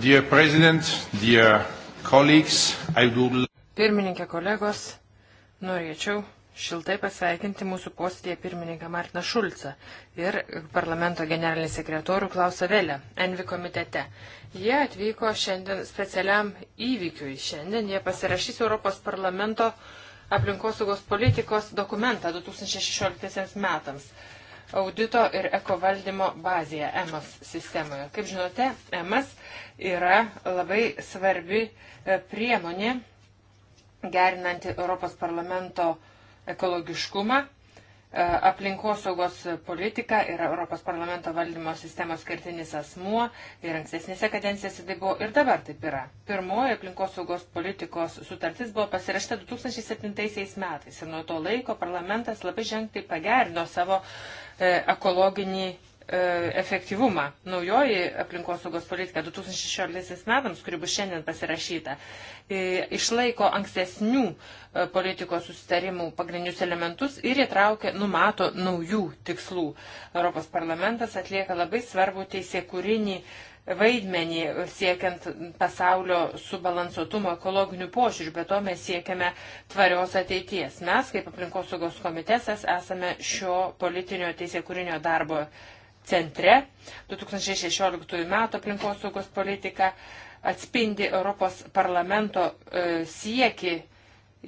Dear President, dear colleagues, I would... Pirmininkė kolegos, norėčiau šiltai pasveikinti mūsų postėje pirmininką Martiną Šulcą ir parlamento generalinį sekretorių Klausą Velę, Envi komitete. Jie atvyko šiandien specialiam įvykiui. Šiandien jie pasirašys Europos parlamento aplinkosaugos politikos dokumentą 2016 metams audito ir ekovaldymo bazėje EMAS sistemoje. Kaip žinote, EMAS yra labai svarbi e, priemonė gerinanti Europos parlamento ekologiškumą, e, aplinkosaugos politika yra Europos parlamento valdymo sistemos skirtinis asmuo ir ankstesnėse kadencijose tai buvo ir dabar taip yra. Pirmoji aplinkosaugos politikos sutartis buvo pasirašta 2007 metais ir nuo to laiko parlamentas labai ženkliai pagerino savo E, ekologinį e, efektyvumą. Naujoji aplinkosaugos politika 2016 metams, kuri bus šiandien pasirašyta, e, išlaiko ankstesnių politikos susitarimų pagrindinius elementus ir įtraukia, numato naujų tikslų. Europos parlamentas atlieka labai svarbų teisėkūrinį vaidmenį siekiant pasaulio subalansuotumo ekologinių požiūrių, bet to mes siekiame tvarios ateities. Mes, kaip aplinkosaugos komitesas, esame šio politinio teisėkūrinio darbo centre. 2016 m. aplinkosaugos politika atspindi Europos parlamento e, sieki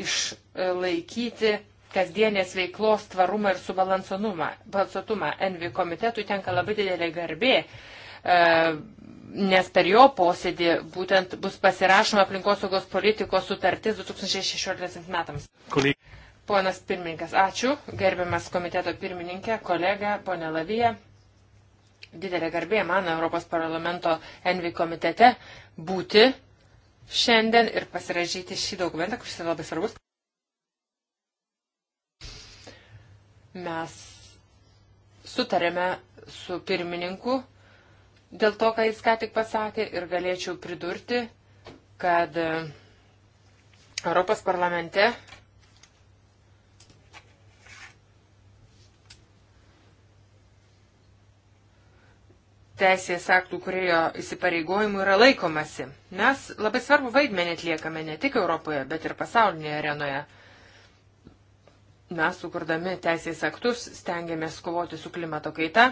išlaikyti kasdienės veiklos tvarumą ir subalansuotumą. Envi komitetui tenka labai didelė garbė e, nes per jo posėdį būtent bus pasirašoma aplinkosaugos politikos sutartis 2016 metams. Koli. Ponas pirmininkas, ačiū. Gerbiamas komiteto pirmininkė, kolega, ponė Lavija. Didelė garbė man Europos parlamento Envi komitete būti šiandien ir pasirašyti šį dokumentą, kuris yra labai svarbus. Mes sutarėme su pirmininku dėl to, ką jis ką tik pasakė ir galėčiau pridurti, kad e, Europos parlamente teisės aktų kurėjo įsipareigojimų yra laikomasi. Mes labai svarbu vaidmenį atliekame ne tik Europoje, bet ir pasaulinėje arenoje. Mes, sukurdami teisės aktus, stengiamės kovoti su klimato kaita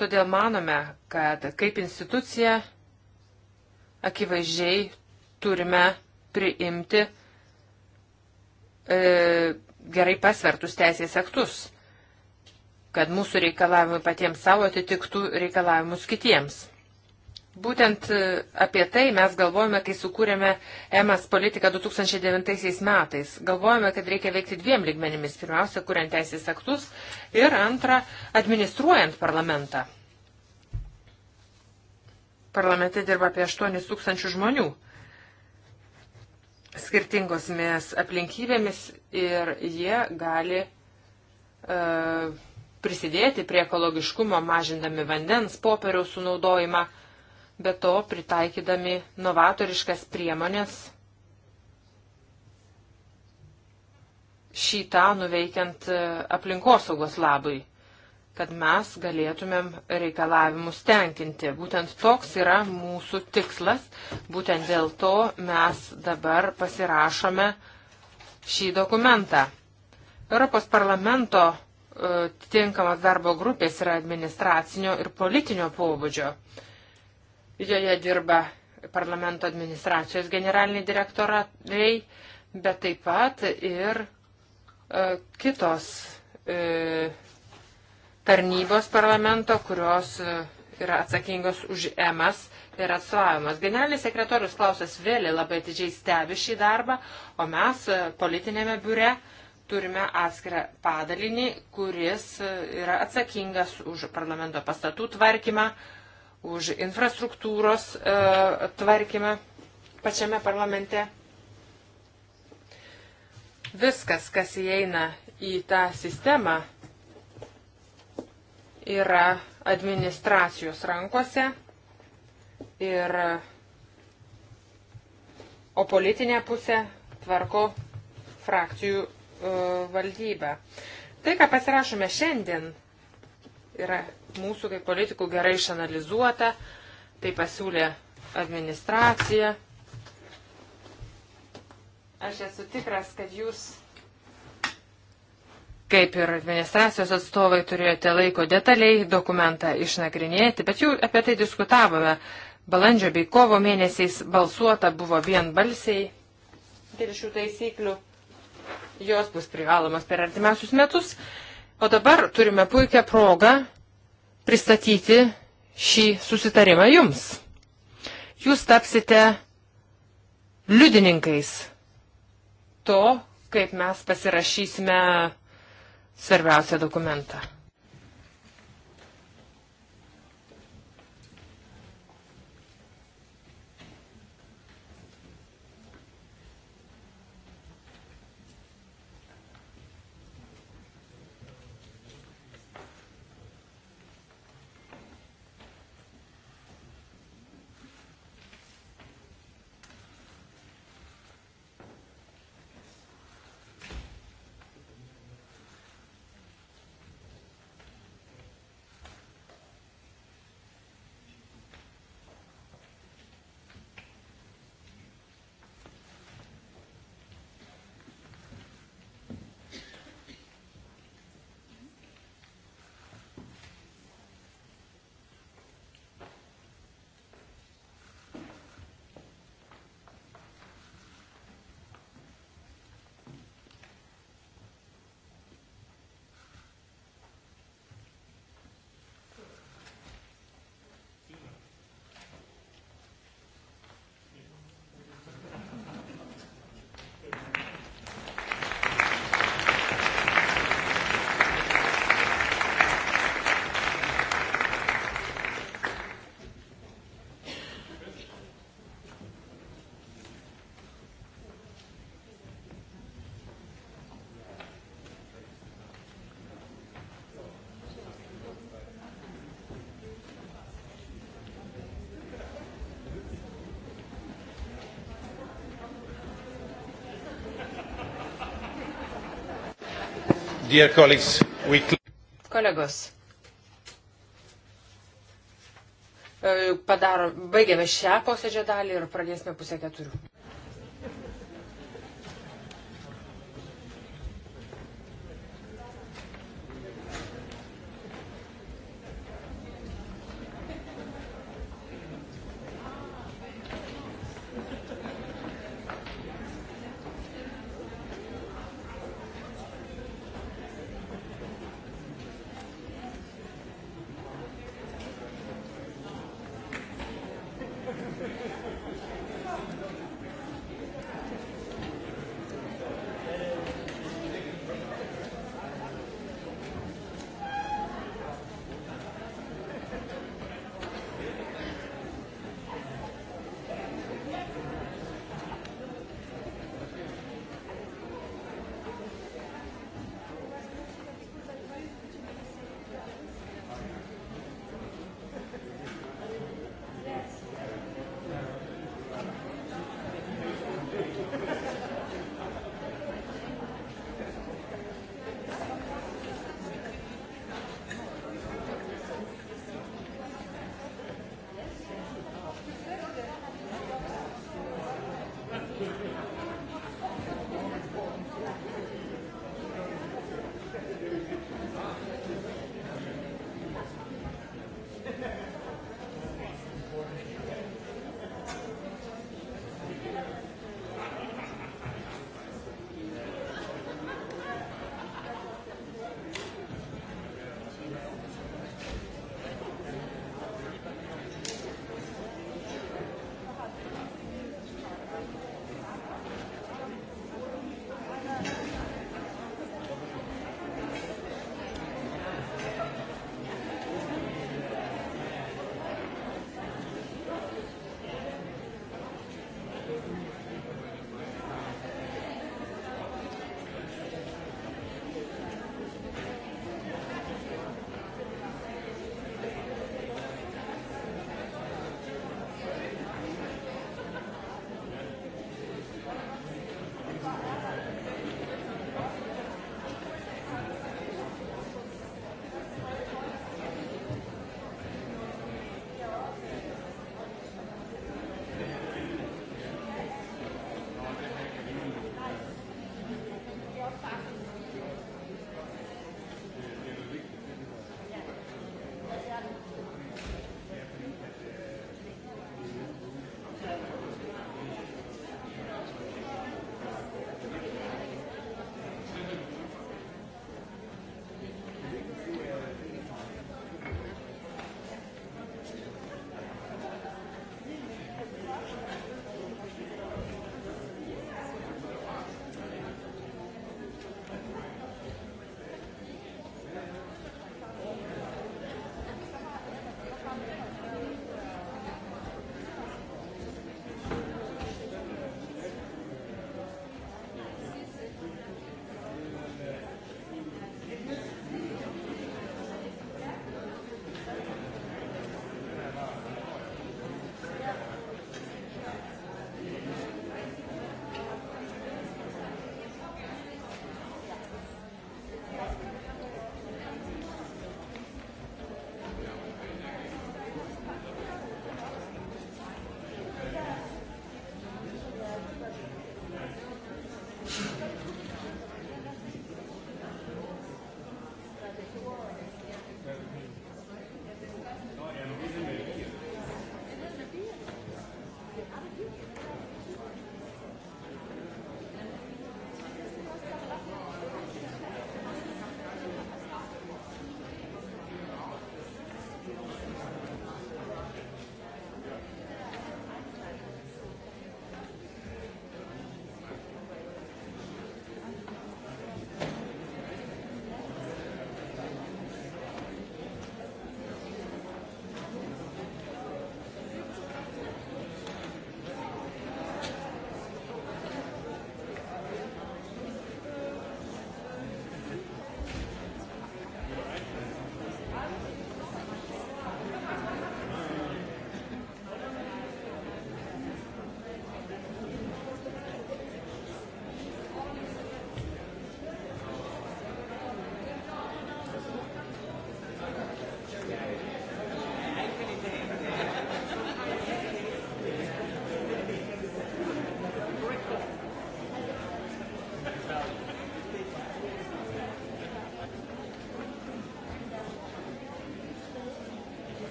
Todėl manome, kad kaip institucija akivaizdžiai turime priimti e, gerai pasvertus teisės aktus, kad mūsų reikalavimai patiems savo atitiktų reikalavimus kitiems. Būtent e, apie tai mes galvojame, kai sukūrėme EMAS politiką 2009 metais. Galvojame, kad reikia veikti dviem ligmenimis. Pirmiausia, kuriant teisės aktus ir antra, administruojant parlamentą. Parlamente dirba apie 8 tūkstančių žmonių. Skirtingos mes aplinkybėmis ir jie gali uh, prisidėti prie ekologiškumo, mažindami vandens, popieriaus sunaudojimą. Uh, be to pritaikydami novatoriškas priemonės šitą nuveikiant e, aplinkosaugos labui, kad mes galėtumėm reikalavimus tenkinti. Būtent toks yra mūsų tikslas, būtent dėl to mes dabar pasirašome šį dokumentą. Europos parlamento e, tinkamas darbo grupės yra administracinio ir politinio pobūdžio. Joje dirba parlamento administracijos generaliniai direktorai, bet taip pat ir e, kitos e, tarnybos parlamento, kurios e, yra atsakingos už EMAS ir atstovavimas. Generalinis sekretorius Klausas Vėlė labai atidžiai stebi šį darbą, o mes politinėme biure turime atskirą padalinį, kuris yra atsakingas už parlamento pastatų tvarkymą, už infrastruktūros uh, tvarkymą pačiame parlamente. Viskas, kas įeina į tą sistemą, yra administracijos rankose ir o politinė pusė tvarko frakcijų uh, valdybą. Tai, ką pasirašome šiandien, yra mūsų kaip politikų gerai išanalizuota, tai pasiūlė administracija. Aš esu tikras, kad jūs, kaip ir administracijos atstovai, turėjote laiko detaliai dokumentą išnagrinėti, bet jau apie tai diskutavome. Balandžio bei kovo mėnesiais balsuota buvo vienbalsiai dėl šių taisyklių. Jos bus privalomas per artimiausius metus. O dabar turime puikią progą pristatyti šį susitarimą jums. Jūs tapsite liudininkais to, kaip mes pasirašysime svarbiausią dokumentą. Dear colleagues, we... Kolegos, e, padaro, baigiame šią posėdžio dalį ir pradėsime pusę keturių.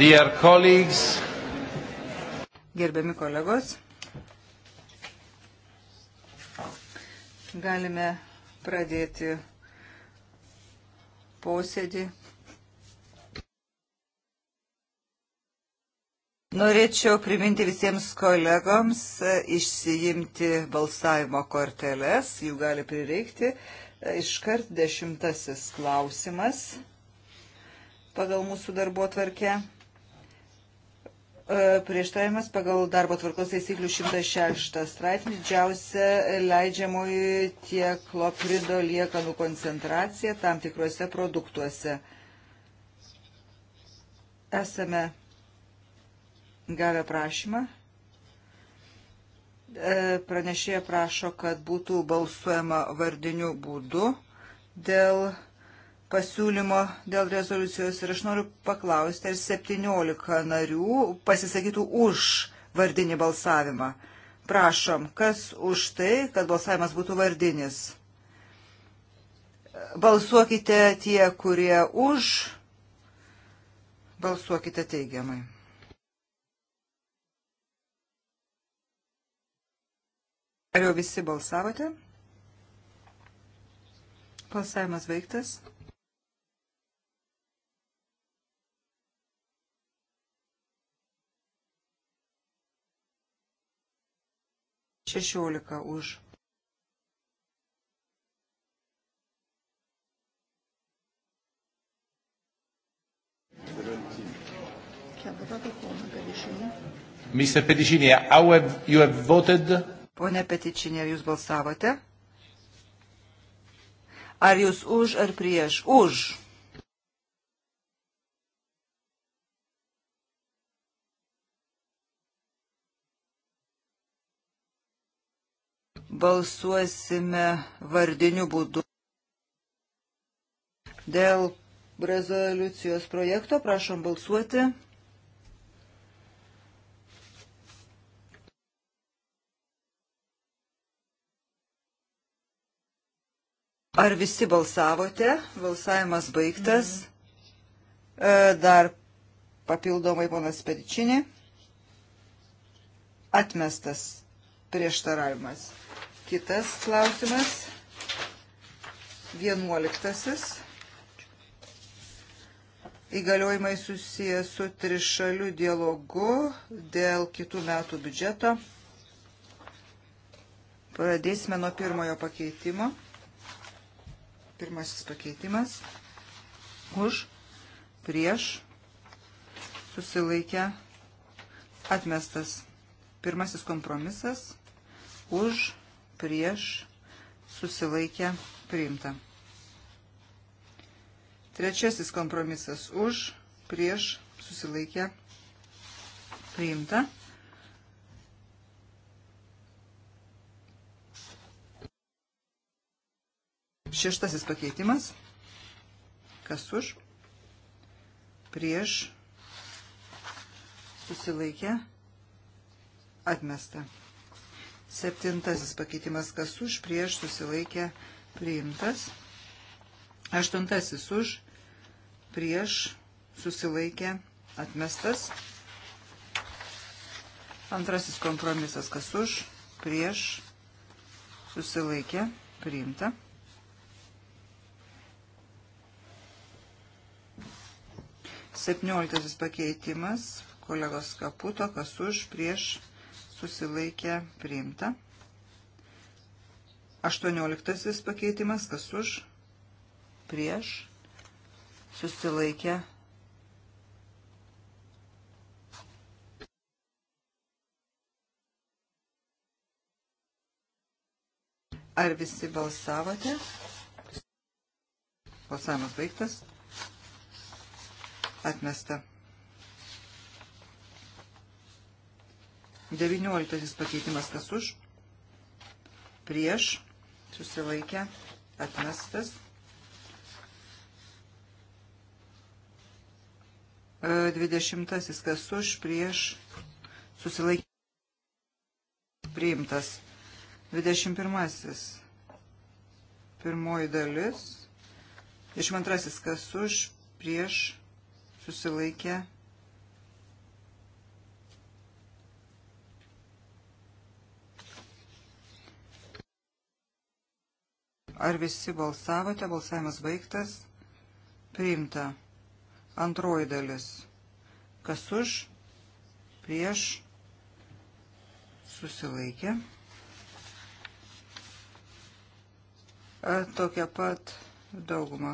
Dear colleagues. Gerbiami kolegos, galime pradėti posėdį. Norėčiau priminti visiems kolegoms išsiimti balsavimo korteles, jų gali prireikti. Iškart dešimtasis klausimas pagal mūsų darbo tvarkę E, prieštavimas pagal darbo tvarkos taisyklių 106 straipsnį didžiausia leidžiamoji tiek kloprido liekanų koncentracija tam tikruose produktuose. Esame gavę prašymą. E, pranešėja prašo, kad būtų balsuojama vardiniu būdu dėl pasiūlymo dėl rezoliucijos ir aš noriu paklausti, ar 17 narių pasisakytų už vardinį balsavimą. Prašom, kas už tai, kad balsavimas būtų vardinis? Balsuokite tie, kurie už, balsuokite teigiamai. Ar jau visi balsavote? Balsavimas baigtas. 16 už. Mr. Peticinė, how have you have voted? Pone Peticinė, jūs balsavote? Ar jūs už ar prieš? Už. balsuosime vardiniu būdu. Dėl rezoliucijos projekto prašom balsuoti. Ar visi balsavote? Balsavimas baigtas. E, dar papildomai ponas Pedičinė. Atmestas prieštaravimas. Kitas klausimas. Vienuoliktasis. Įgaliojimai susijęs su trišaliu dialogu dėl kitų metų biudžeto. Pradėsime nuo pirmojo pakeitimo. Pirmasis pakeitimas. Už, prieš, susilaikę, atmestas. Pirmasis kompromisas. Už, prieš, susilaikę, priimta. Trečiasis kompromisas už, prieš, susilaikę, priimta. Šeštasis pakeitimas. Kas už? Prieš. Susilaikę. Atmesta. Septintasis pakeitimas kas už, prieš susilaikė priimtas. Aštuntasis už, prieš susilaikė atmestas. Antrasis kompromisas kas už, prieš susilaikė priimta. Septynioliktasis pakeitimas kolegos Kaputo kas už, prieš susilaikė priimta susilaikė priimta. 18 pakeitimas, kas už, prieš, susilaikė. Ar visi balsavote? Balsavimas baigtas. Atmesta. 19 pakeitimas kas už, prieš, susilaikę, atmestas. 20 e, kas už, prieš, susilaikę, priimtas. 21 pirmoji dalis. 22 kas už, prieš, susilaikę, atmestas Ar visi balsavote? Balsavimas baigtas. Priimta. Antroji dalis. Kas už? Prieš. Susilaikė. E, tokia pat dauguma.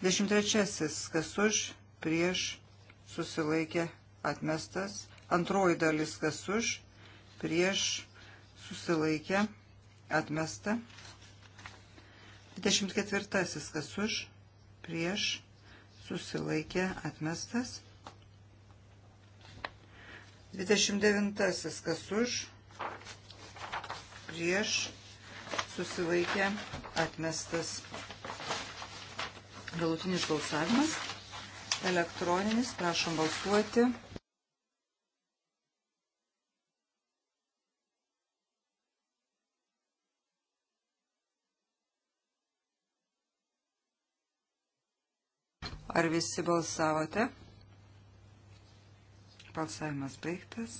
23. Kas už? Prieš. Susilaikė. Atmestas. Antroji dalis. Kas už? Prieš. Susilaikė. Atmesta. Atmesta. 24. Kas už, prieš, susilaikė, atmestas. 29. Kas už, prieš, susilaikė, atmestas. Galutinis balsavimas. Elektroninis, prašom balsuoti. Ar visi balsavote? Balsavimas baigtas.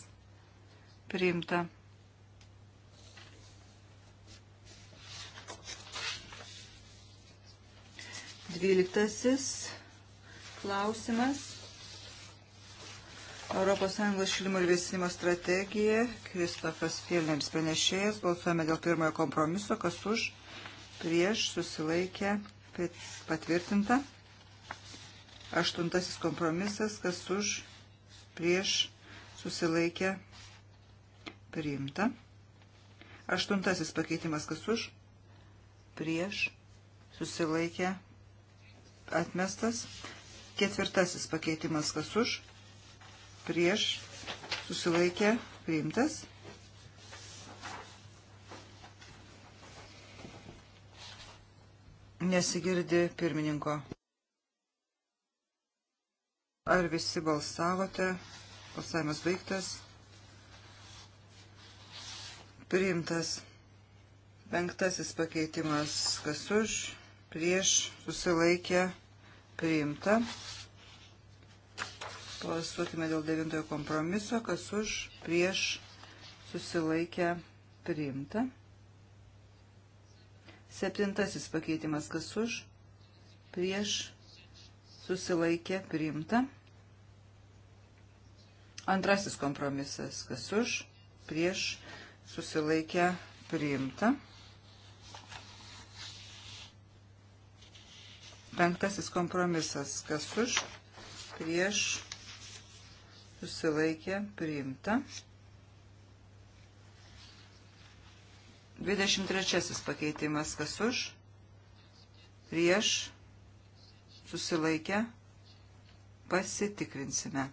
Priimta. Dvyliktasis klausimas. ES šilimo ir vėsinimo strategija. Kristofas Filnėms pranešėjas. Balsuojame dėl pirmojo kompromiso. Kas už? Prieš susilaikę patvirtinta. Patvirtinta. Aštuntasis kompromisas, kas už, prieš, susilaikė, priimta. Aštuntasis pakeitimas, kas už, prieš, susilaikė, atmestas. Ketvirtasis pakeitimas, kas už, prieš, susilaikė, priimtas. Nesigirdi pirmininko. Ar visi balsavote? Balsavimas baigtas. Priimtas. Penktasis pakeitimas. Kas už? Prieš susilaikė. Priimta. Pasuokime dėl devintojo kompromiso. Kas už? Prieš susilaikė. Priimta. Septintasis pakeitimas. Kas už? Prieš susilaikė priimta. Antrasis kompromisas, kas už, prieš, susilaikė priimta. Penktasis kompromisas, kas už, prieš, susilaikė priimta. 23 pakeitimas, kas už, prieš, susilaikė priimta susilaikę, pasitikrinsime.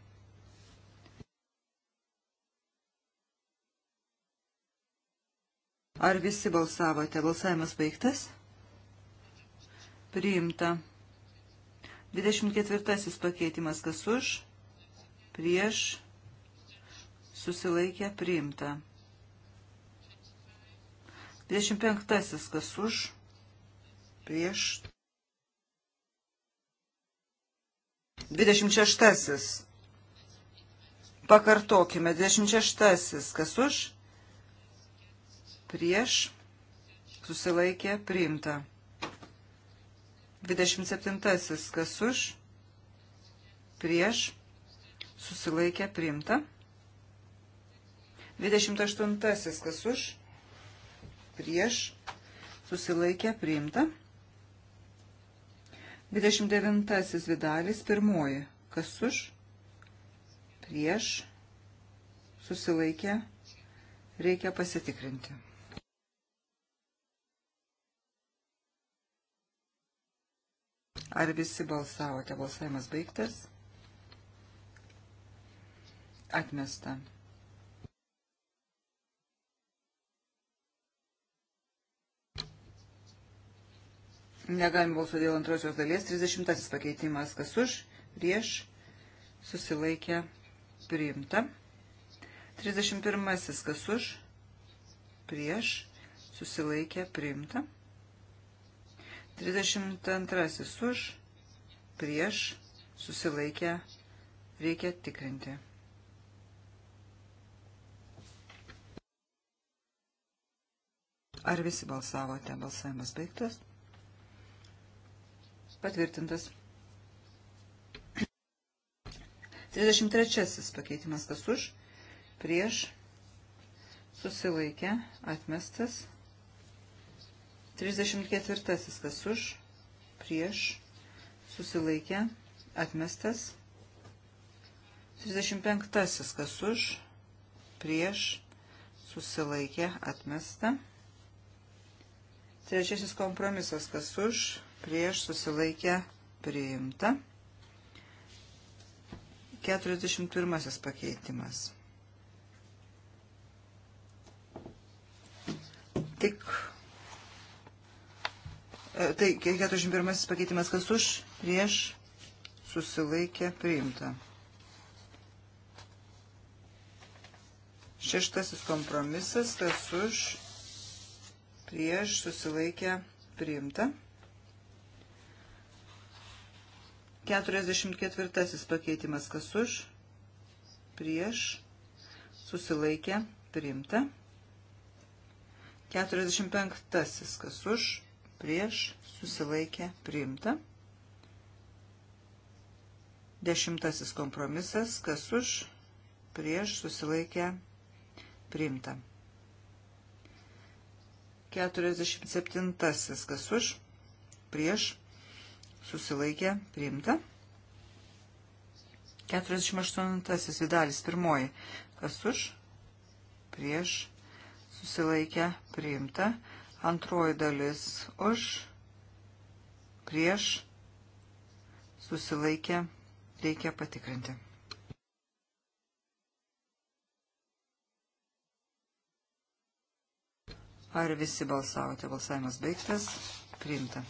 Ar visi balsavote? Balsavimas baigtas? Priimta. 24 pakeitimas kas už, prieš, susilaikę, priimta. 25 kas už, prieš, 26. Pakartokime. 26. Kas už? Prieš. Susilaikė. Priimta. 27. Kas už? Prieš. Susilaikė. Priimta. 28. Kas už? Prieš. Susilaikė. Priimta. 29 vidalis pirmoji. Kas už? Prieš. Susilaikė. Reikia pasitikrinti. Ar visi balsavote? Balsavimas baigtas. Atmesta. Atmesta. Negalim balsuoti dėl antrosios dalies. 30 pakeitimas. Kas už? Prieš. Susilaikė. Priimta. 31 kas už? Prieš. Susilaikė. Priimta. 32 už? Prieš. Susilaikė. Reikia tikrinti. Ar visi balsavote? Balsavimas baigtas. Patvirtintas. 33 pakeitimas kas už, prieš, susilaikė, atmestas. 34 kas už, prieš, susilaikė, atmestas. 35 kas už, prieš, susilaikė, atmesta. Trečiasis kompromisas kas už, prieš susilaikę priimta. 41 pakeitimas. Tik e, Tai 41 pakeitimas kas už, prieš, susilaikė, priimta. Šeštasis kompromisas kas už, prieš, susilaikė, priimta. Priimta. 44 pakeitimas kas už, prieš, susilaikė, priimta. 45 kas už, prieš, susilaikė, priimta. Dešimtasis kompromisas kas už, prieš, susilaikė, priimta. 47 kas už, prieš, susilaikė, priimta. 48 vidalis pirmoji, kas už, prieš, susilaikė, priimta. Antroji dalis už, prieš, susilaikė, reikia patikrinti. Ar visi balsavote? Balsavimas baigtas. Priimta.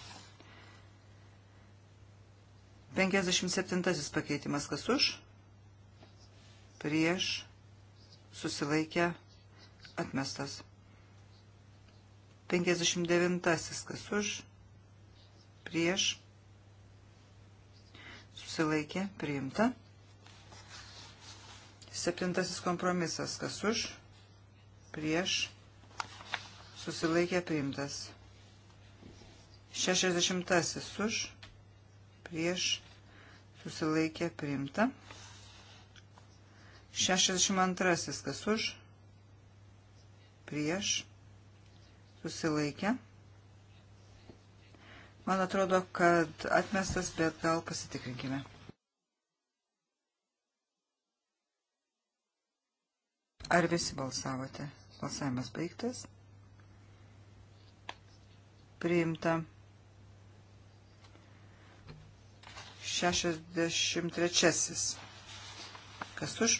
57 pakeitimas kas už, prieš, susilaikę, atmestas. 59 kas už, prieš, susilaikė, priimta. 7 kompromisas kas už, prieš, susilaikė, priimtas. 60 už, prieš prieš susilaikė priimta. 62 kas už, prieš susilaikė. Man atrodo, kad atmestas, bet gal pasitikrinkime. Ar visi balsavote? Balsavimas baigtas. Priimta. 63. Kas už?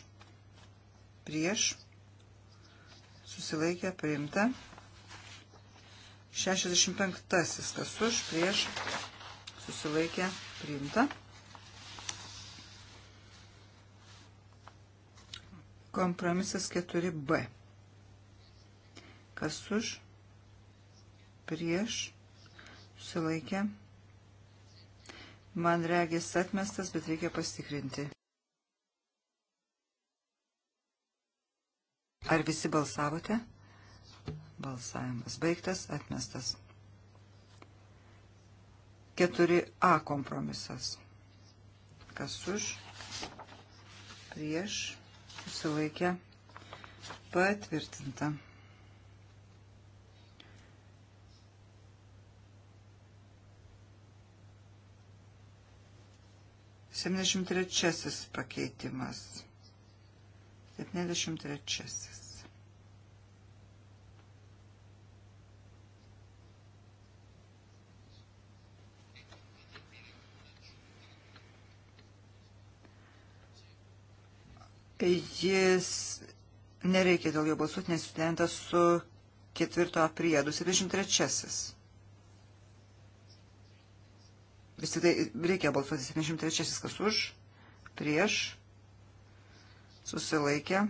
Prieš. Susilaikė priimta. 65. Kas už? Prieš. Susilaikė priimta. Kompromisas 4b. Kas už? Prieš. Susilaikė priimta Man regis atmestas, bet reikia pastikrinti. Ar visi balsavote? Balsavimas baigtas, atmestas. 4A kompromisas. Kas už, prieš, susilaikę, patvirtinta. 73 pakeitimas. 73. jis nereikia dėl jo balsuoti, nes sudėtas su ketvirto priedu, 73. Vis tik tai reikia balsuoti 73, kas už, prieš, susilaikė,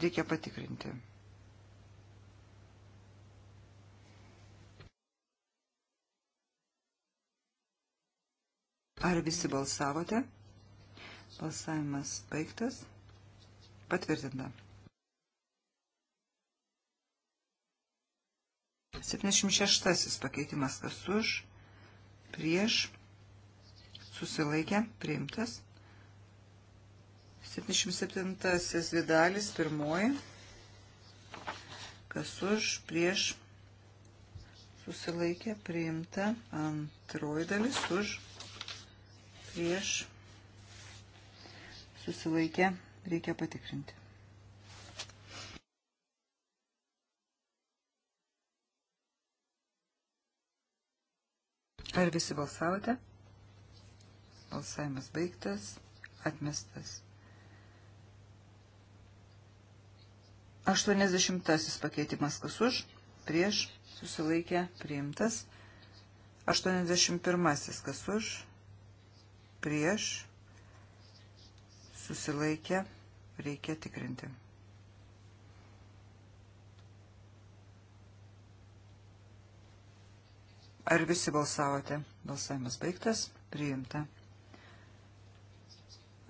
reikia patikrinti. Ar visi balsavote? Balsavimas baigtas. Patvirtinta. 76 pakeitimas kas už, prieš, susilaikė, priimtas. 77 vidalis, pirmoji, kas už, prieš, susilaikė, priimta, antroji dalis, už, prieš, susilaikė, reikia patikrinti. Ar visi balsavote? Balsavimas baigtas. Atmestas. 80 pakeitimas kas už, prieš, susilaikė, priimtas. 81 kas už, prieš, susilaikė, reikia tikrinti. Ar visi balsavote? Balsavimas baigtas, priimta.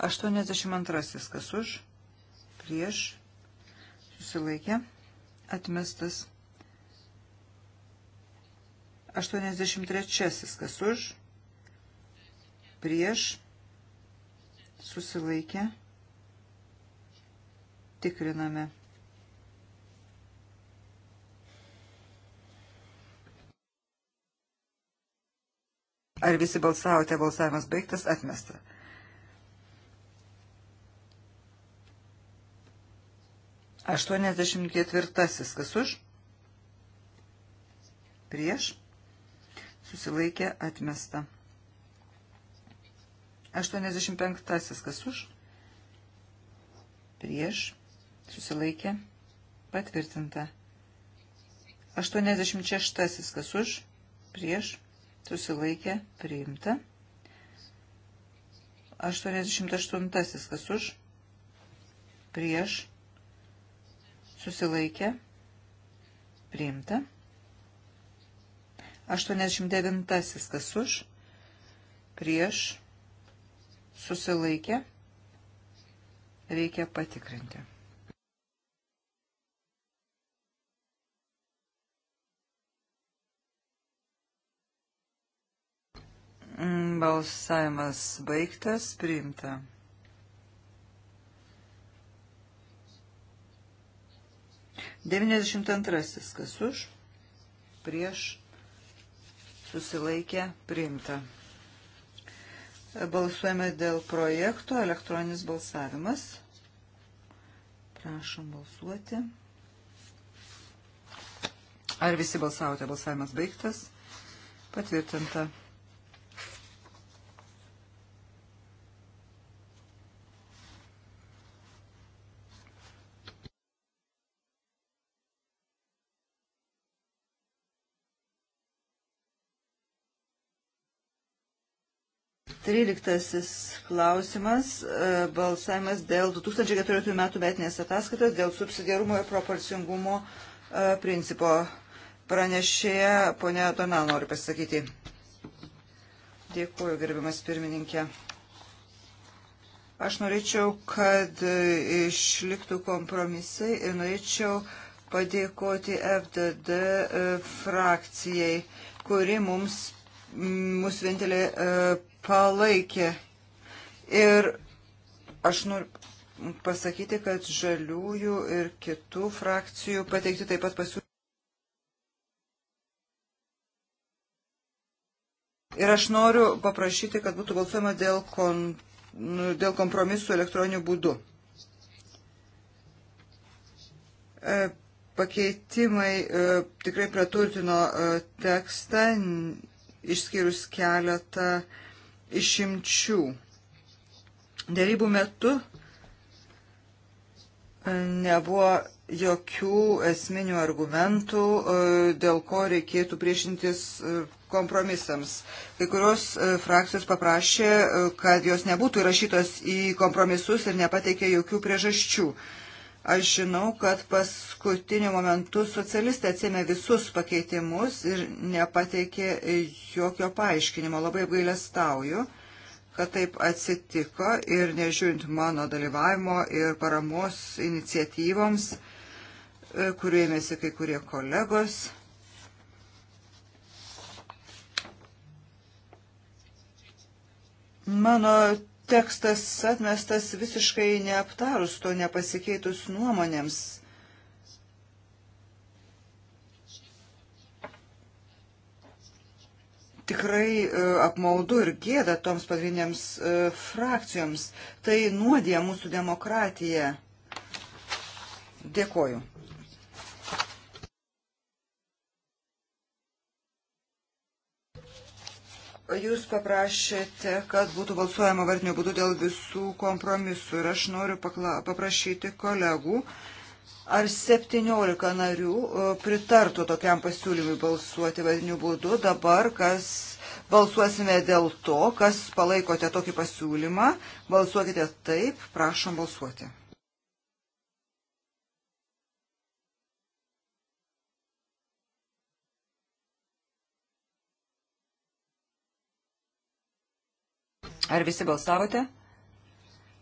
82 kas už, prieš, susilaikė, atmestas. 83 kas už, prieš, susilaikė, tikriname. Ar visi balsavote, balsavimas baigtas, atmesta. 84. Kas už? Prieš. Susilaikė atmesta. 85. Kas už? Prieš. Susilaikė. Patvirtinta. 86. Kas už? Prieš. Susilaikė. Priimta. 88. Kas už? Prieš susilaikė, priimta. 89 kas už, prieš, susilaikė, reikia patikrinti. Mm, balsavimas baigtas, priimta. 92. Kas už? Prieš susilaikė priimta. Balsuojame dėl projekto elektroninis balsavimas. Prašom balsuoti. Ar visi balsavote? Balsavimas baigtas. Patvirtinta. Tryliktasis klausimas e, - balsavimas dėl 2014 metų metinės ataskaitos dėl subsidiarumo ir proporcingumo e, principo. Pranešėja ponia Dona nori pasakyti. Dėkuoju, gerbiamas pirmininkė. Aš norėčiau, kad išliktų kompromisai ir norėčiau padėkoti FDD e, frakcijai, kuri mums mus vienintelė palaikė. Ir aš noriu pasakyti, kad žaliųjų ir kitų frakcijų pateikti taip pat pasiūlymai. Ir aš noriu paprašyti, kad būtų balsuojama dėl, kon, nu, dėl kompromisų elektroniniu būdu. E, pakeitimai e, tikrai praturtino e, tekstą, išskyrus keletą uh, išimčių. Dėrybų metu e, nebuvo jokių esminių argumentų, e, dėl ko reikėtų priešintis e, kompromisams. Kai kurios frakcijos paprašė, kad jos nebūtų įrašytos į kompromisus ir nepateikė jokių priežasčių. Aš žinau, kad paskutiniu momentu socialistai atsėmė visus pakeitimus ir nepateikė jokio paaiškinimo. Labai gailestauju, kad taip atsitiko ir nežiūrint mano dalyvavimo ir paramos iniciatyvoms, e, kuriuo ėmėsi kai kurie kolegos. Mano tekstas atmestas visiškai neaptarus to nepasikeitus nuomonėms. Tikrai e, apmaudu ir gėda toms pagrindiniams e, frakcijoms. Tai nuodė mūsų demokratiją. Dėkoju. Jūs paprašėte, kad būtų balsuojama vardiniu būdu dėl visų kompromisų ir aš noriu pakla, paprašyti kolegų, ar 17 narių e, pritartų tokiam pasiūlymui balsuoti vardiniu būdu. Dabar kas balsuosime dėl to, kas palaikote tokį pasiūlymą, balsuokite taip, prašom balsuoti. Ar visi balsavote?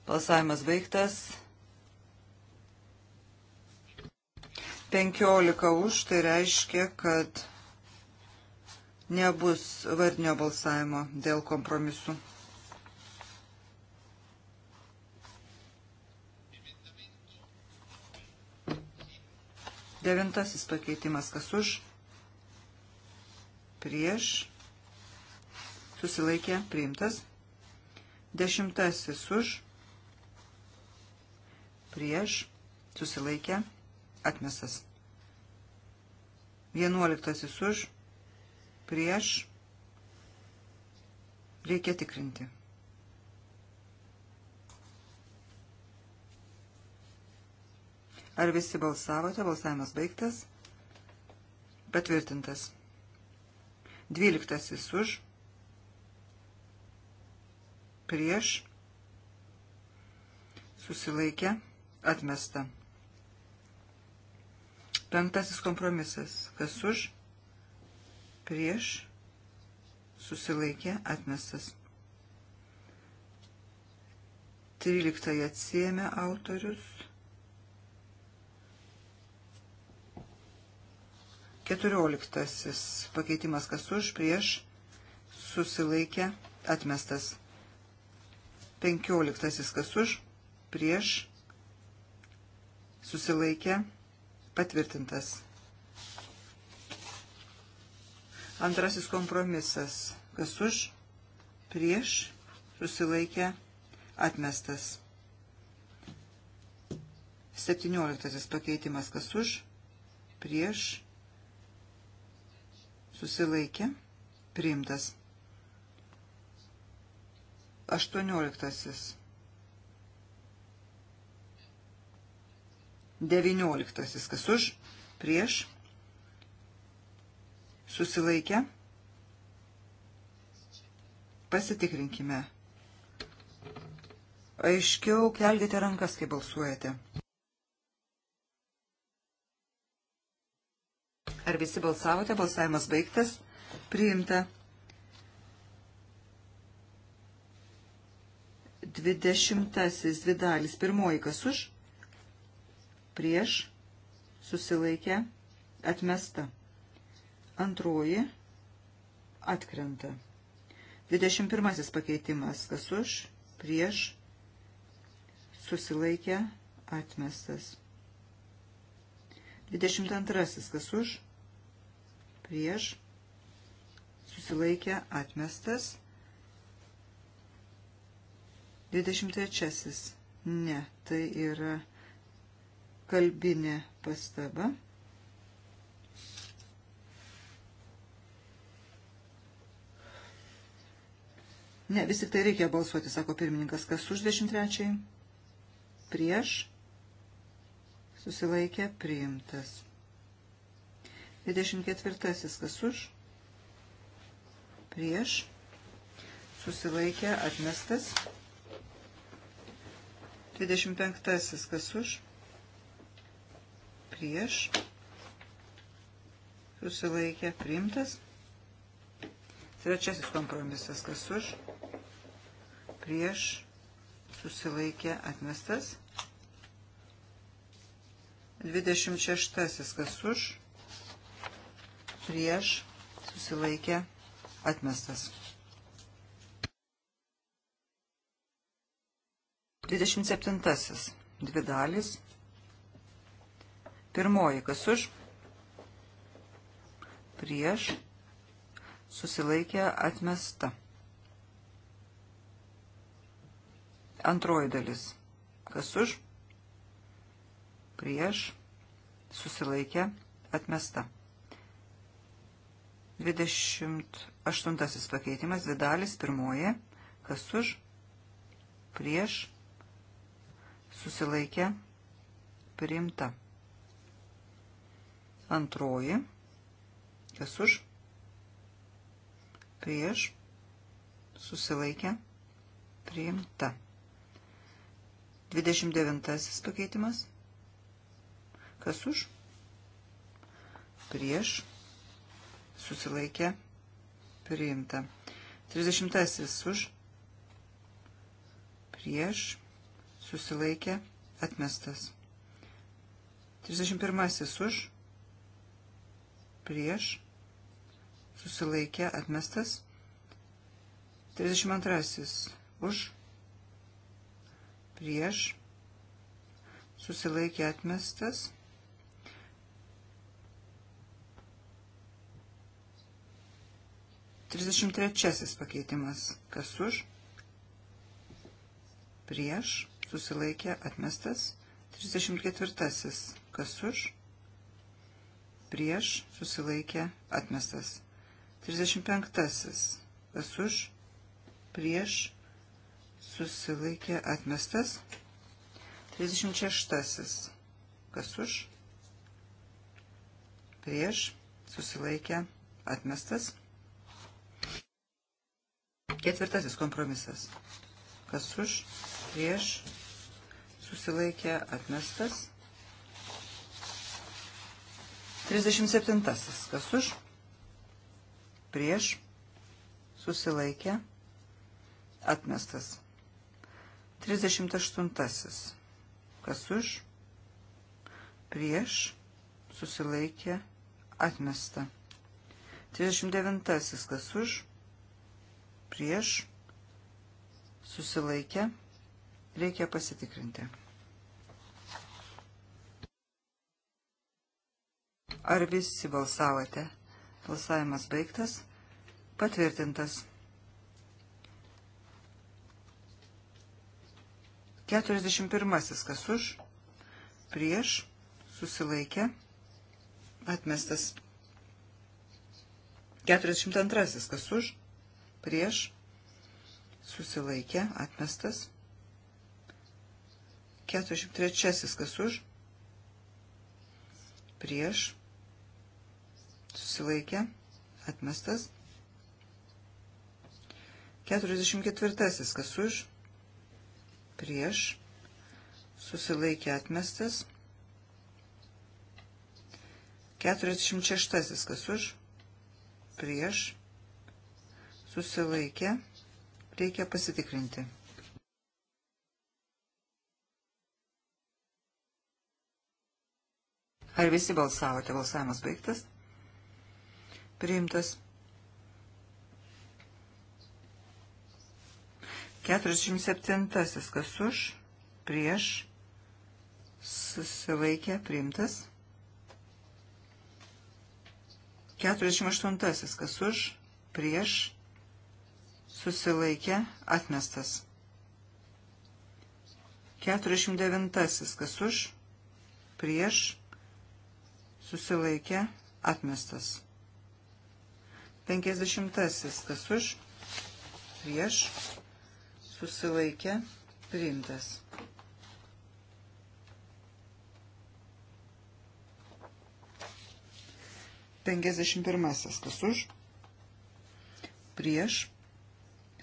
Balsavimas baigtas. 15 už, tai reiškia, kad nebus vardinio balsavimo dėl kompromisų. Devintasis pakeitimas kas už, prieš, susilaikė, priimtas. Dešimtasis už, prieš, susilaikė, atmestas. Vienuoliktasis už, prieš, reikia tikrinti. Ar visi balsavote? Balsavimas baigtas. Patvirtintas. Dvyliktasis už, prieš prieš, susilaikė, atmesta. Penktasis kompromisas, kas už, prieš, susilaikė, atmestas. Tryliktąją atsiemė autorius. Keturioliktasis pakeitimas, kas už, prieš, susilaikė, atmestas. 15 kas už, prieš, susilaikė, patvirtintas. Antrasis kompromisas, kas už, prieš, susilaikė, atmestas. 17 pakeitimas, kas už, prieš, susilaikė, priimtas. 18. 19. Kas už? Prieš? Susilaikę? Pasitikrinkime. Aiškiau kelkite rankas, kai balsuojate. Ar visi balsavote? Balsavimas baigtas. Priimta. Dvidešimtasis dvi dalis. Pirmoji kas už, prieš, susilaikę, atmesta. Antroji atkrenta. Dvidešimt pirmasis pakeitimas kas už, prieš, susilaikę, atmestas. Dvidešimt antrasis kas už, prieš, susilaikę, atmestas. 23. Ne, tai yra kalbinė pastaba. Ne, vis tik tai reikia balsuoti, sako pirmininkas. Kas už 23? Prieš? Susilaikė priimtas. 24. Kas už? Prieš? Susilaikė atmestas. 25 25. Kas už? Prieš. Susilaikė. Priimtas. Trečiasis kompromisas. Kas už? Prieš. Susilaikė. Atmestas. 26. Kas už? Prieš. Susilaikė. Atmestas. 27. Dvi dalys. Pirmoji, kas už, prieš, susilaikė atmesta. Antroji dalis, kas už, prieš, susilaikė atmesta. 28 pakeitimas, dvi dalis, pirmoji, kas už, prieš, susilaikė priimta. Antroji, kas už, prieš, susilaikė priimta. 29 pakeitimas, kas už, prieš, susilaikė priimta. 30 už, prieš, susilaikė, atmestas. 31 už, prieš, susilaikė, atmestas. 32 už, prieš, susilaikė, atmestas. Trisdešimt trečiasis pakeitimas. Kas už? Prieš susilaikė atmestas. 34. Kas už, prieš, susilaikė atmestas. 35. Kas už, prieš, susilaikė atmestas. 36. Kas už, prieš, susilaikė atmestas. Ketvirtasis kompromisas. Kas už, prieš, susilaikė atmestas. 37. Kas už? Prieš susilaikė atmestas. 38. Kas už? Prieš susilaikė atmesta. 39. Kas už? Prieš susilaikė atmesta Reikia pasitikrinti. Ar visi balsavote? Balsavimas baigtas. Patvirtintas. 41. Kas už? Prieš. Susilaikė. Atmestas. 42. Kas už? Prieš. Susilaikė. Atmestas. 43 kas už, prieš, susilaikė, atmestas. 44 kas už, prieš, susilaikė, atmestas. 46 kas už, prieš, susilaikė, reikia pasitikrinti. Ar visi balsavote? Balsavimas baigtas. Priimtas. 47. Kas už? Prieš. Susilaikė. Priimtas. 48. Kas už? Prieš. Susilaikė. Atmestas. 49. Kas už? Prieš susilaikė, atmestas. 50. Kas už, prieš, susilaikė, priimtas. Penkiasdešimt pirmasis, kas už, prieš,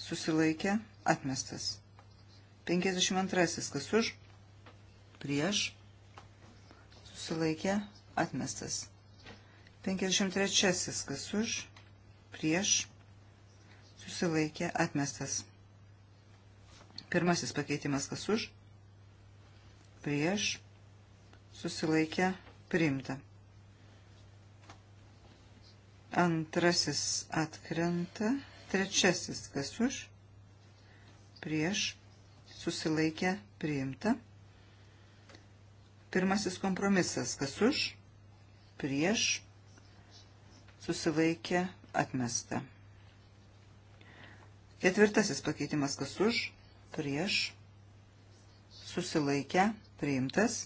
susilaikė, atmestas. Penkiasdešimt antrasis, kas už, prieš, susilaikė, atmestas. 53 kas už, prieš, susilaikė, atmestas. Pirmasis pakeitimas kas už, prieš, susilaikė, priimta. Antrasis atkrenta, trečiasis kas už, prieš, susilaikė, priimta. Pirmasis kompromisas kas už, prieš prieš, susilaikė, atmesta. Ketvirtasis pakeitimas kas už, prieš, susilaikė, priimtas.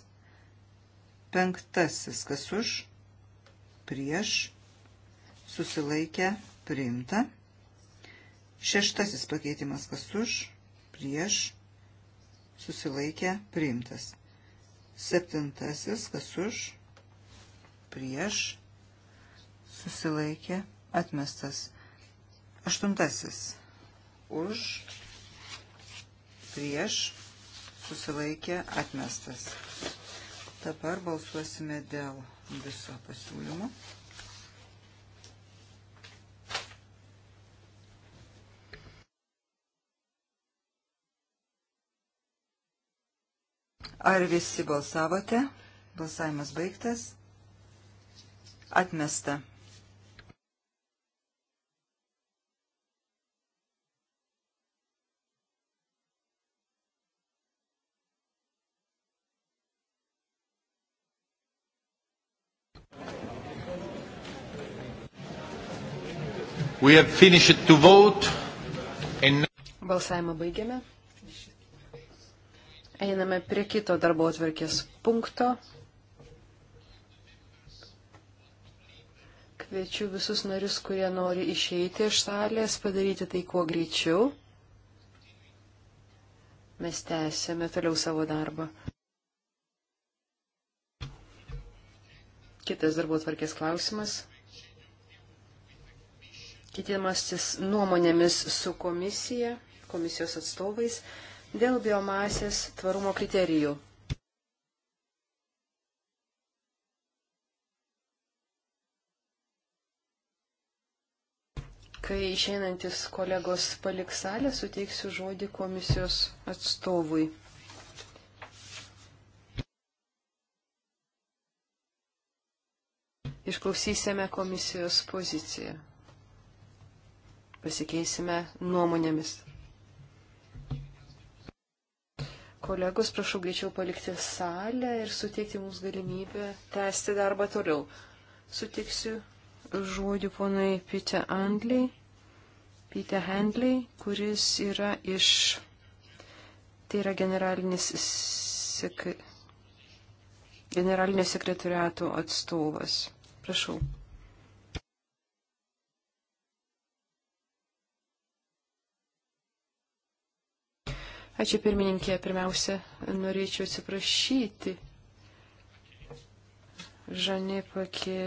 Penktasis kas už, prieš, susilaikė, priimta. Šeštasis pakeitimas kas už, prieš, susilaikė, priimtas. Septintasis kas už, prieš prieš, susilaikė, atmestas. Aštuntasis, už, prieš, susilaikė, atmestas. Dabar balsuosime dėl viso pasiūlymo. Ar visi balsavote? Balsavimas baigtas. Atmesta. We have finished to vote and... Balsavimą baigiame. Einame prie kito darbo atvarkės punkto. Kviečiu visus narius, kurie nori išeiti iš salės, padaryti tai kuo greičiau. Mes tęsėme toliau savo darbą. Kitas darbo tvarkės klausimas. Kitimasis nuomonėmis su komisija, komisijos atstovais dėl biomasės tvarumo kriterijų. Kai išeinantis kolegos paliks salę, suteiksiu žodį komisijos atstovui. Išklausysime komisijos poziciją. Pasikeisime nuomonėmis. kolegos, prašau greičiau palikti salę ir suteikti mums galimybę tęsti darbą toliau. Sutiksiu žodį ponai Pite Angliai. Peter Handley, kuris yra iš, tai yra generalinis sek, generalinio sekretariato atstovas. Prašau. Ačiū pirmininkė, pirmiausia, norėčiau atsiprašyti Žani Paki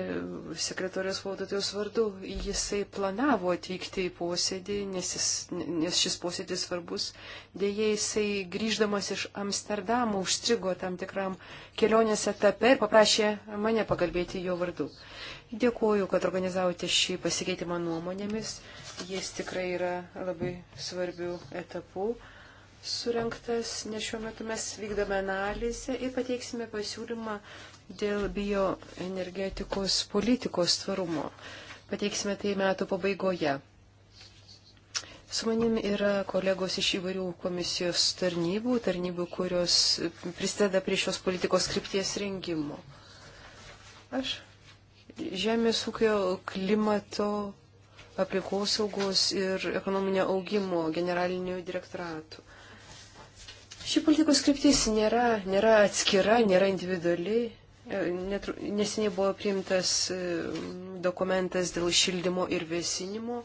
sekretorijos valdotojos vardu. Jisai planavo atvykti į posėdį, nes, jis, nes šis posėdis svarbus. Dėja, jisai grįždamas iš Amsterdamo užstrigo tam tikram kelionės etape ir paprašė mane pakalbėti jo vardu. Dėkuoju, kad organizavote šį pasikeitimą nuomonėmis. Jis tikrai yra labai svarbių etapų surinktas, nes šiuo metu mes vykdome analizę ir pateiksime pasiūlymą dėl bioenergetikos politikos tvarumo. Pateiksime tai metų pabaigoje. Su manim yra kolegos iš įvairių komisijos tarnybų, tarnybų, kurios prisideda prie šios politikos krypties rengimo. Aš žemės ūkio klimato aplinkosaugos ir ekonominio augimo generalinių direktoratų. Ši politikos kryptis nėra, nėra atskira, nėra individuali, E, neseniai buvo priimtas e, dokumentas dėl šildymo ir vėsinimo.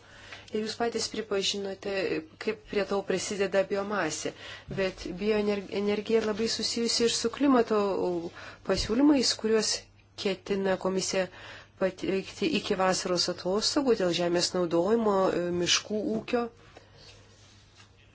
Ir jūs patys pripažinote, kaip prie to prisideda biomasė. Bet bioenergija labai susijusi ir su klimato pasiūlymais, kuriuos ketina komisija pateikti iki vasaros atostogų dėl žemės naudojimo, e, miškų ūkio.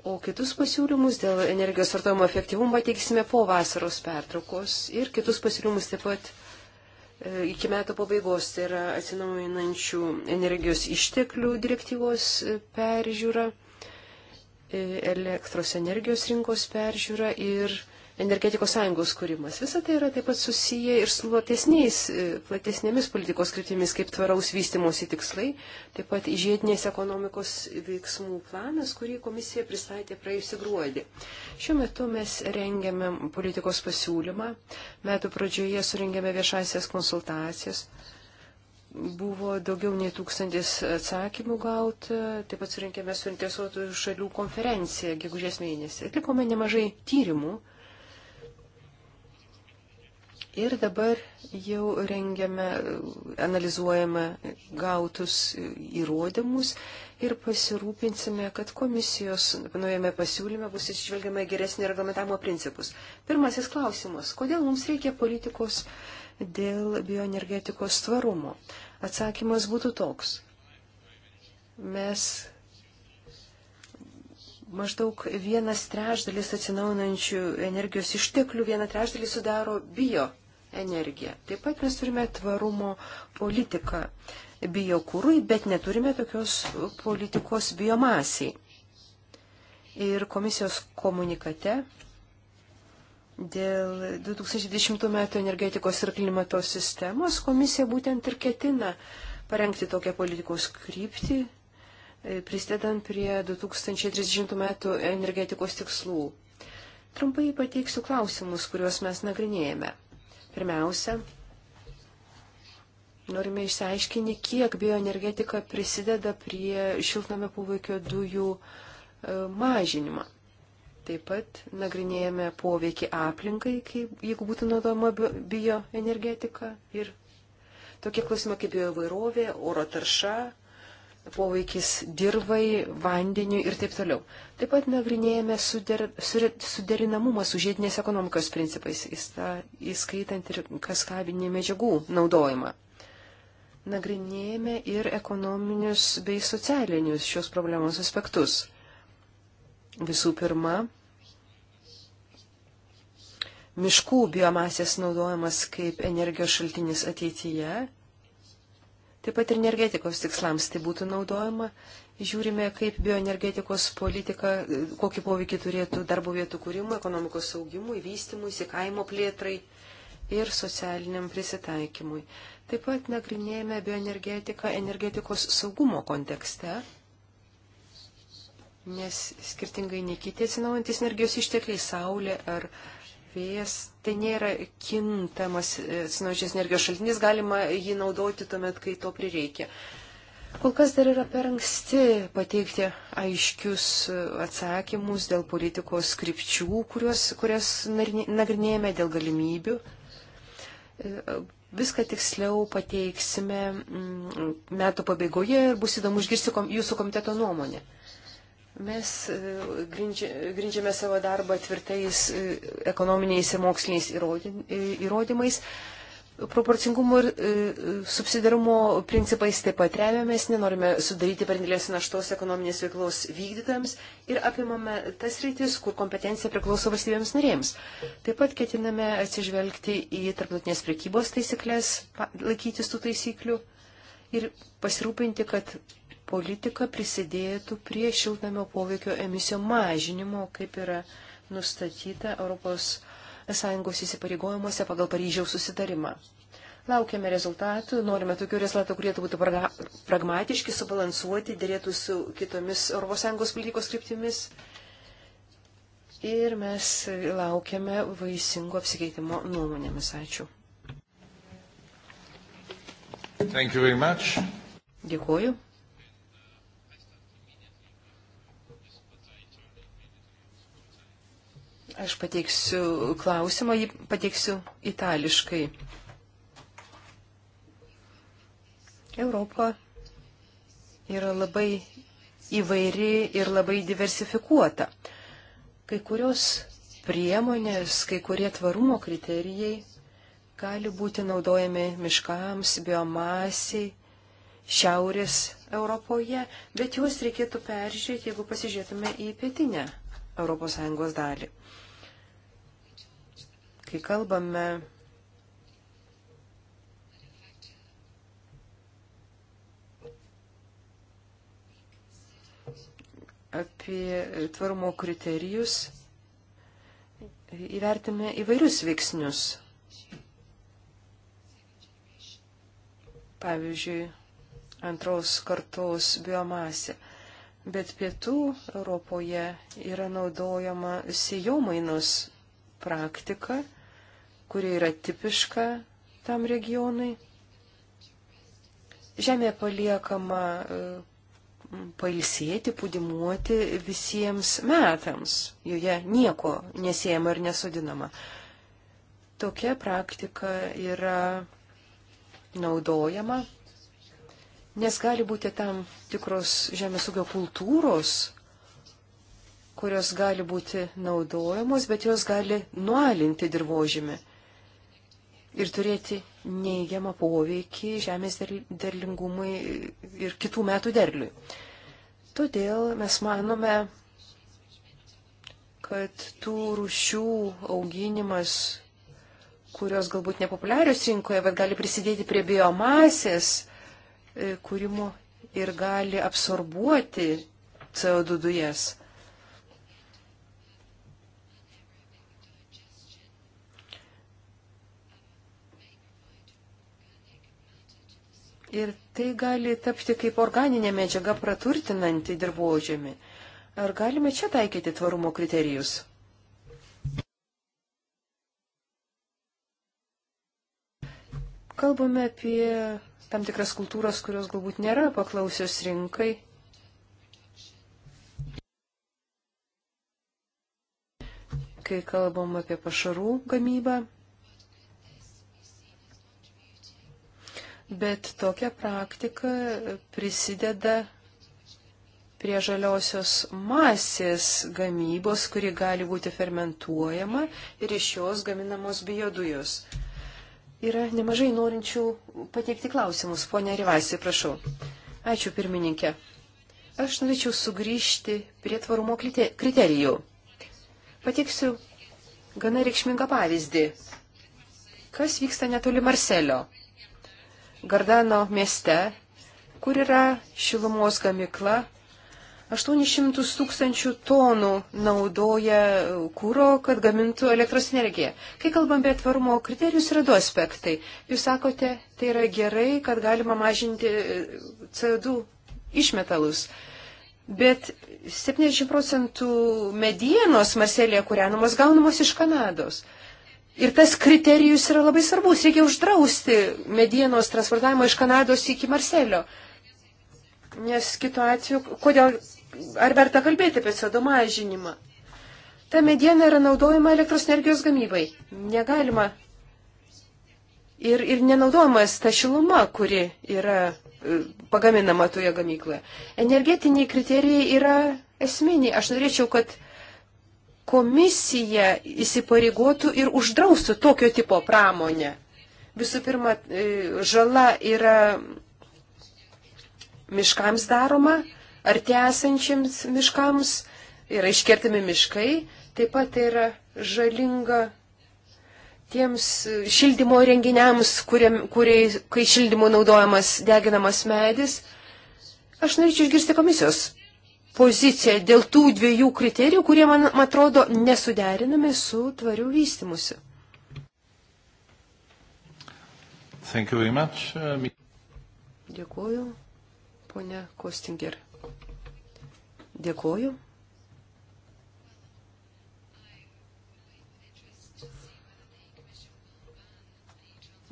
O kitus pasiūlymus dėl energijos vartojimo efektyvumo teiksime po vasaros pertraukos ir kitus pasiūlymus taip pat e, iki metų pabaigos, tai yra atsinaujinančių energijos išteklių direktyvos e, peržiūra, e, elektros energijos rinkos peržiūra ir energetikos sąjungos kūrimas. Visą tai yra taip pat susiję ir su e, platesnėmis politikos kryptimis, kaip tvaraus vystimosi tikslai, taip pat žiedinės ekonomikos veiksmų planas, kurį komisija pristatė praėjusį gruodį. Šiuo metu mes rengiame politikos pasiūlymą, metų pradžioje surengėme viešasias konsultacijas. Buvo daugiau nei tūkstantis atsakymų gauti, taip pat surinkėme suinteresuotų šalių konferenciją gegužės mėnesį. Atlikome nemažai tyrimų Ir dabar jau rengiame, analizuojame gautus įrodymus ir pasirūpinsime, kad komisijos naujame pasiūlyme bus išvelgiama geresnį reglamentavimo principus. Pirmasis klausimas. Kodėl mums reikia politikos dėl bioenergetikos tvarumo? Atsakymas būtų toks. Mes maždaug vienas trešdalis atsinaunančių energijos išteklių, vieną trešdalį sudaro bio energiją. Taip pat mes turime tvarumo politiką biokūrui, bet neturime tokios politikos biomasiai. Ir komisijos komunikate dėl 2010 m. energetikos ir klimato sistemos komisija būtent ir ketina parengti tokią politikos kryptį, e, prisidedant prie 2030 m. energetikos tikslų. Trumpai pateiksiu klausimus, kuriuos mes nagrinėjame. Pirmiausia, norime išsiaiškinti, kiek bioenergetika prisideda prie šiltnamio poveikio dujų e, mažinimą. Taip pat nagrinėjame poveikį aplinkai, kai, jeigu būtų naudojama bioenergetika ir tokie klausimai kaip bioįvairovė, oro tarša, poveikis dirbai, vandeniu ir taip toliau. Taip pat nagrinėjame suder, suderinamumą su žiedinės ekonomikos principais, įskaitant ir kaskabinį medžiagų naudojimą. Nagrinėjame ir ekonominius bei socialinius šios problemos aspektus. Visų pirma, miškų biomasės naudojimas kaip energijos šaltinis ateityje Taip pat ir energetikos tikslams tai būtų naudojama. Žiūrime, kaip bioenergetikos politika, e, kokį poveikį turėtų darbo vietų kūrimui, ekonomikos saugimui, vystimui, įkaimo plėtrai ir socialiniam prisitaikymui. Taip pat nagrinėjame bioenergetiką energetikos saugumo kontekste, nes skirtingai nei kiti atsinaujantis energijos ištekliai, saulė ar vėjas tai nėra kintamas e, atsinaujančios energijos šaltinis, galima jį naudoti tuomet, kai to prireikia. Kol kas dar yra per anksti pateikti aiškius e, atsakymus dėl politikos skripčių, kurios, kurias nagrinėjame, dėl galimybių. E, viską tiksliau pateiksime mm, metų pabaigoje ir bus įdomu išgirsti jūsų komiteto nuomonę. Mes e, grindžiame savo darbą tvirtais e, ekonominiais ir moksliniais e, įrodymais. Proporcingumo ir subsidarumo principais taip pat remiamės, nenorime sudaryti pernilės naštos ekonominės veiklos vykdytams ir apimame tas rytis, kur kompetencija priklauso valstybėms narėms. Taip pat ketiname atsižvelgti į tarptautinės prekybos taisyklės, laikytis tų taisyklių ir pasirūpinti, kad politika prisidėtų prie šiltnamio poveikio emisijų mažinimo, kaip yra nustatyta ES įsipareigojimuose pagal Paryžiaus susitarimą. Laukiame rezultatų, norime tokių rezultatų, kurie būtų pragmatiški, subalansuoti, dėrėtų su kitomis ES politikos kryptimis. Ir mes laukiame vaisingo apsikeitimo nuomonėmis. Ačiū. Dėkuoju. Aš pateiksiu klausimą, jį pateiksiu itališkai. Europa yra labai įvairi ir labai diversifikuota. Kai kurios priemonės, kai kurie tvarumo kriterijai gali būti naudojami miškams, biomasiai, šiaurės Europoje, bet juos reikėtų peržiūrėti, jeigu pasižiūrėtume į pietinę ES dalį kai kalbame apie tvarumo kriterijus, įvertime įvairius veiksnius. Pavyzdžiui, antros kartos biomasė. Bet pietų Europoje yra naudojama sėjomainos praktika kuri yra tipiška tam regionui. Žemė paliekama e, pailsėti, pudimuoti visiems metams. Joje nieko nesėjama ir nesodinama. Tokia praktika yra naudojama, nes gali būti tam tikros žemės ūkio kultūros, kurios gali būti naudojamos, bet jos gali nualinti dirbožymį ir turėti neigiamą poveikį žemės derlingumui ir kitų metų derliui. Todėl mes manome, kad tų rūšių auginimas, kurios galbūt nepopuliarius rinkoje, bet gali prisidėti prie biomasės e, kūrimo ir gali absorbuoti CO2 dujas. Ir tai gali tapti kaip organinė medžiaga praturtinanti dirbožėmį. Ar galime čia taikyti tvarumo kriterijus? Kalbame apie tam tikras kultūras, kurios galbūt nėra paklausios rinkai. Kai kalbam apie pašarų gamybą, Bet tokia praktika prisideda prie žaliosios masės gamybos, kuri gali būti fermentuojama ir iš jos gaminamos biodujos. Yra nemažai norinčių pateikti klausimus. Pone Rivasi, prašau. Ačiū, pirmininkė. Aš norėčiau sugrįžti prie tvarumo kriterijų. Pateiksiu gana reikšmingą pavyzdį. Kas vyksta netoli Marselio? Gardano mieste, kur yra šilumos gamikla, 800 tūkstančių tonų naudoja kūro, kad gamintų elektros energiją. Kai kalbam apie tvarumo kriterijus, yra du aspektai. Jūs sakote, tai yra gerai, kad galima mažinti e, CO2 išmetalus. Bet 70 procentų medienos Marselėje kūrenamos gaunamos iš Kanados. Ir tas kriterijus yra labai svarbus. Reikia uždrausti medienos transportavimą iš Kanados iki Marselio. Nes kitu atveju, kodėl, ar verta kalbėti apie CO2 mažinimą? Ta mediena yra naudojama elektros energijos gamybai. Negalima. Ir, ir nenaudojamas ta šiluma, kuri yra e, pagaminama toje gamykloje. Energetiniai kriterijai yra esminiai. Aš norėčiau, kad komisija įsipareigotų ir uždraustų tokio tipo pramonę. Visų pirma, e, žala yra miškams daroma, arti esančiams miškams yra iškertami miškai, taip pat yra žalinga tiems šildymo renginiams, kuriam, kuriai, kai šildymo naudojamas deginamas medis. Aš norėčiau išgirsti komisijos poziciją dėl tų dviejų kriterijų, kurie, man, man atrodo, nesuderinami su tvariu vystimusi. Uh, Dėkuoju, ponia Kostinger. Dėkuoju.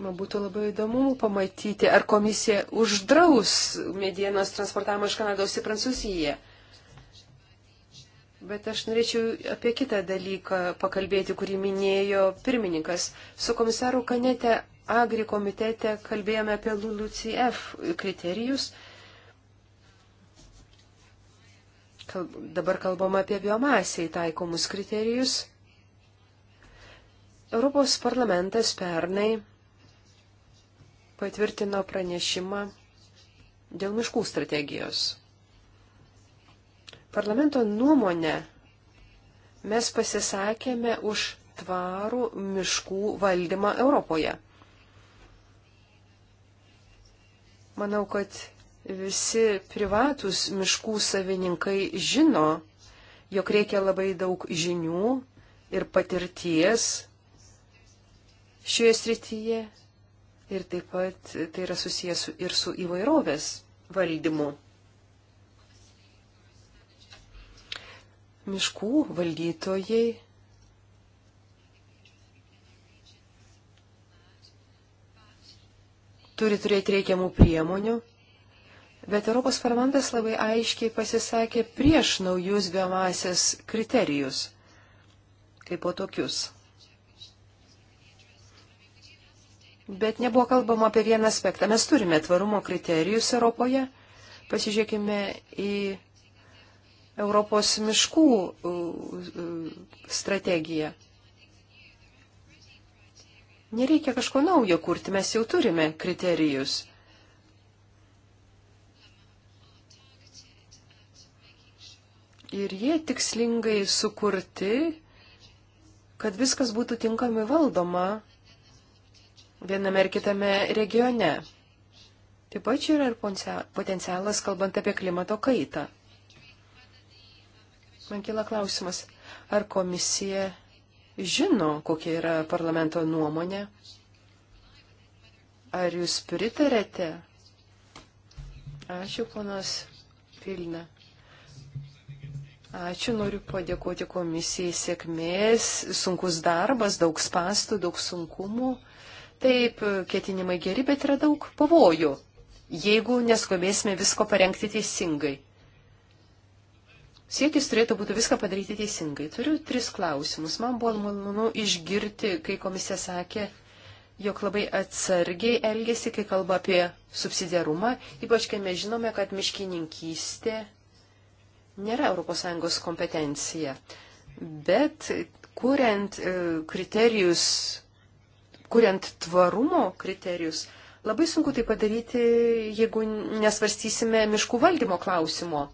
Man būtų labai įdomu pamatyti, ar komisija uždraus medienos transportavimą iš Kanados į Prancūziją. Bet aš norėčiau apie kitą dalyką pakalbėti, kurį minėjo pirmininkas. Su komisaru Kanete Agri komitete kalbėjome apie LULUCF kriterijus. Kalb, dabar kalbam apie biomasiai taikomus kriterijus. Europos parlamentas pernai patvirtino pranešimą dėl miškų strategijos. Parlamento nuomonė mes pasisakėme už tvarų miškų valdymą Europoje. Manau, kad visi privatus miškų savininkai žino, jog reikia labai daug žinių ir patirties šioje srityje ir taip pat tai yra susijęs ir su įvairovės valdymu. miškų valdytojai turi turėti reikiamų priemonių, bet Europos parlamentas labai aiškiai pasisakė prieš naujus biomasės kriterijus, kaip po tokius. Bet nebuvo kalbama apie vieną aspektą. Mes turime tvarumo kriterijus Europoje. Pasižiūrėkime į Europos miškų strategiją. Nereikia kažko naujo kurti, mes jau turime kriterijus. Ir jie tikslingai sukurti, kad viskas būtų tinkamai valdoma viename ar kitame regione. Taip pat čia yra ir potencialas, kalbant apie klimato kaitą. Man kila klausimas, ar komisija žino, kokia yra parlamento nuomonė? Ar jūs pritarėte? Ačiū, ponas Pilna. Ačiū, noriu padėkoti komisijai sėkmės, sunkus darbas, daug spastų, daug sunkumų. Taip, ketinimai geri, bet yra daug pavojų, jeigu neskubėsime visko parengti teisingai. Siekis turėtų būti viską padaryti teisingai. Turiu tris klausimus. Man buvo malonu išgirti, kai komisija sakė, jog labai atsargiai elgesi, kai kalba apie subsidiarumą, ypač kai mes žinome, kad miškininkystė nėra ES kompetencija. Bet kuriant e, kriterijus, kuriant tvarumo kriterijus, labai sunku tai padaryti, jeigu nesvarstysime miškų valdymo klausimo.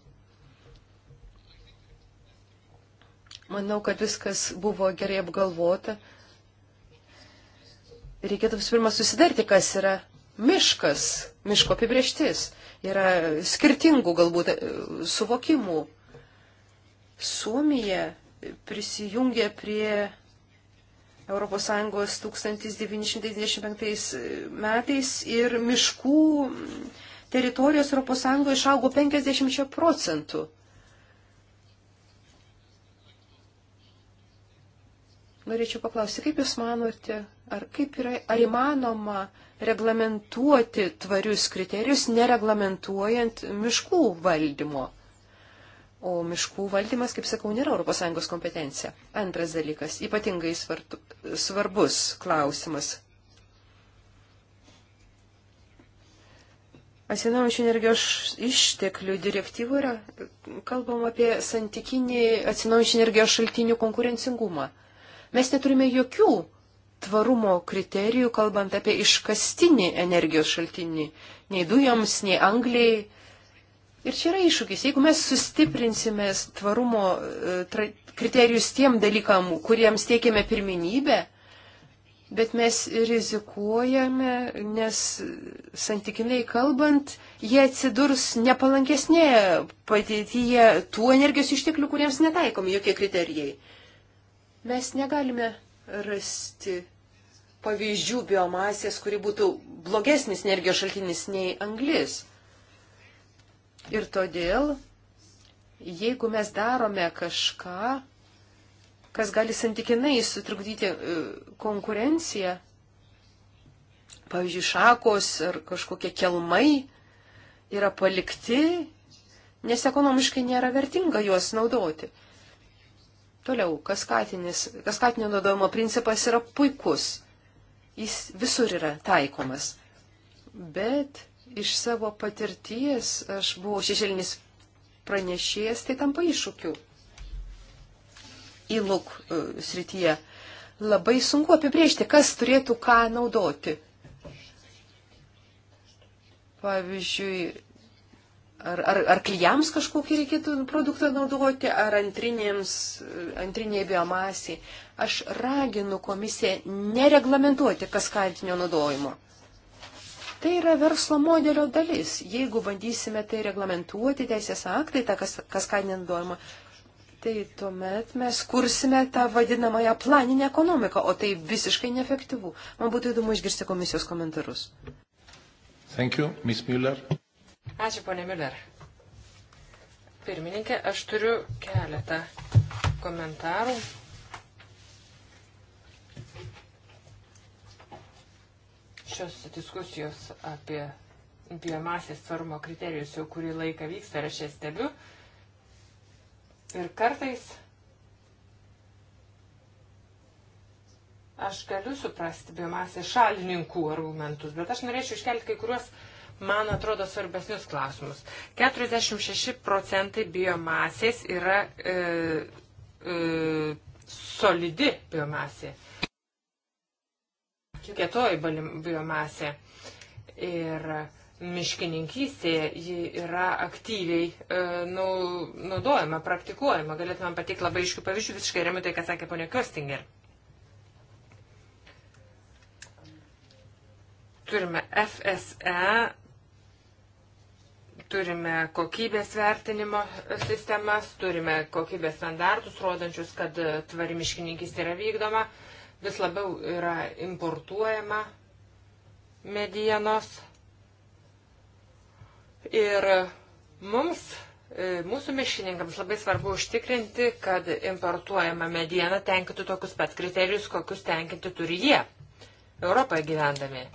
Manau, kad viskas buvo gerai apgalvota. Reikėtų visų pirma susidarti, kas yra miškas, miško apibrieštis. Yra skirtingų galbūt e, suvokimų. Suomija prisijungė prie ES 1995 e, metais ir miškų teritorijos ES išaugo 50 procentų. norėčiau paklausti, kaip Jūs manote, ar, yra, ar įmanoma reglamentuoti tvarius kriterijus, nereglamentuojant miškų valdymo? O miškų valdymas, kaip sakau, nėra ES kompetencija. Antras dalykas, ypatingai svartu, svarbus klausimas. Atsinaujančių energijos išteklių direktyvų yra kalbama apie santykinį atsinaujančių energijos šaltinių konkurencingumą. Mes neturime jokių tvarumo kriterijų, kalbant apie iškastinį energijos šaltinį, nei dujoms, nei angliai. Ir čia yra iššūkis. Jeigu mes sustiprinsime tvarumo e, kriterijus tiem dalykam, kuriems teikiame pirminybę, bet mes rizikuojame, nes santykinai kalbant, jie atsidurs nepalankesnėje padėtyje tų energijos išteklių, kuriems netaikomi jokie kriterijai. Mes negalime rasti pavyzdžių biomasės, kuri būtų blogesnis energijos šaltinis nei anglis. Ir todėl, jeigu mes darome kažką, kas gali santykinai sutrukdyti e, konkurenciją, pavyzdžiui, šakos ar kažkokie kelmai yra palikti, nes ekonomiškai nėra vertinga juos naudoti. Toliau, kaskatinio naudojimo principas yra puikus. Jis visur yra taikomas. Bet iš savo patirties aš buvau šešėlinis pranešėjas, tai tampa iššūkiu. Įluk e, srityje labai sunku apibriežti, kas turėtų ką naudoti. Pavyzdžiui, Ar, ar, ar klyjams kažkokį reikėtų produktą naudoti, ar antriniai biomasiai. Aš raginu komisiją nereglamentuoti kaskantinio naudojimo. Tai yra verslo modelio dalis. Jeigu bandysime tai reglamentuoti teisės aktai, tą kas, kaskantinį naudojimą, tai tuomet mes kursime tą vadinamąją planinę ekonomiką, o tai visiškai neefektyvu. Man būtų įdomu išgirsti komisijos komentarus. Thank you, Ms. Müller. Ačiū, ponė Miller. Pirmininkė, aš turiu keletą komentarų. Šios diskusijos apie biomasės tvarumo kriterijus jau kurį laiką vyksta ir aš jas stebiu. Ir kartais aš galiu suprasti biomasės šalininkų argumentus, bet aš norėčiau iškelti kai kuriuos uh, man atrodo, svarbesnius klausimus. 46 procentai biomasės yra e, e, solidi biomasė, kietoji biomasė. Ir miškininkystėje ji yra aktyviai e, nau, naudojama, praktikuojama. Galėtumėm pateikti labai iškių pavyzdžių, visiškai remiu tai, ką sakė ponia Kostinger. turime FSE turime kokybės vertinimo sistemas, turime kokybės standartus, rodančius, kad tvari miškininkistė yra vykdoma, vis labiau yra importuojama medienos. Ir mums, e, mūsų mišininkams labai svarbu užtikrinti, kad importuojama mediena tenkintų tokius pat kriterijus, kokius tenkinti turi jie Europoje gyvendami.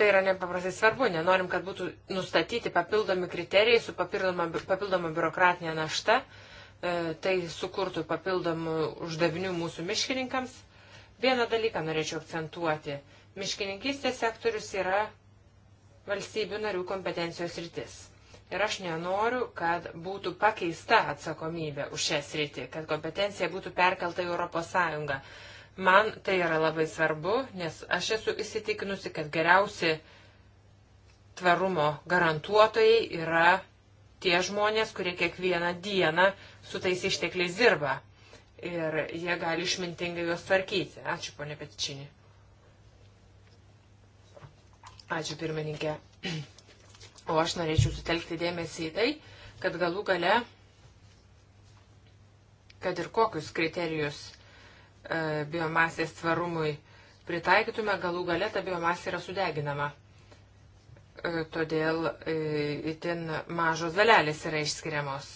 Tai yra nepaprastai svarbu, nenorim, kad būtų nustatyti papildomi kriterijai su papildoma, papildoma biurokratinė našta, e, tai sukurtų papildomų uždavinių mūsų miškininkams. Vieną dalyką norėčiau akcentuoti. Miškininkystės sektorius yra valstybių narių kompetencijos rytis. Ir aš nenoriu, kad būtų pakeista atsakomybė už šią sritį, kad kompetencija būtų perkelta į Europos Sąjungą. Man tai yra labai svarbu, nes aš esu įsitikinusi, kad geriausi tvarumo garantuotojai yra tie žmonės, kurie kiekvieną dieną su tais ištekliais dirba. Ir jie gali išmintingai juos tvarkyti. Ačiū, ponė Petičinė. Ačiū, pirmininkė. O aš norėčiau sutelkti dėmesį į tai, kad galų gale, kad ir kokius kriterijus E, biomasės tvarumui pritaikytume, galų gale ta biomasė yra sudeginama. E, todėl e, itin mažos dalelės yra išskiriamos.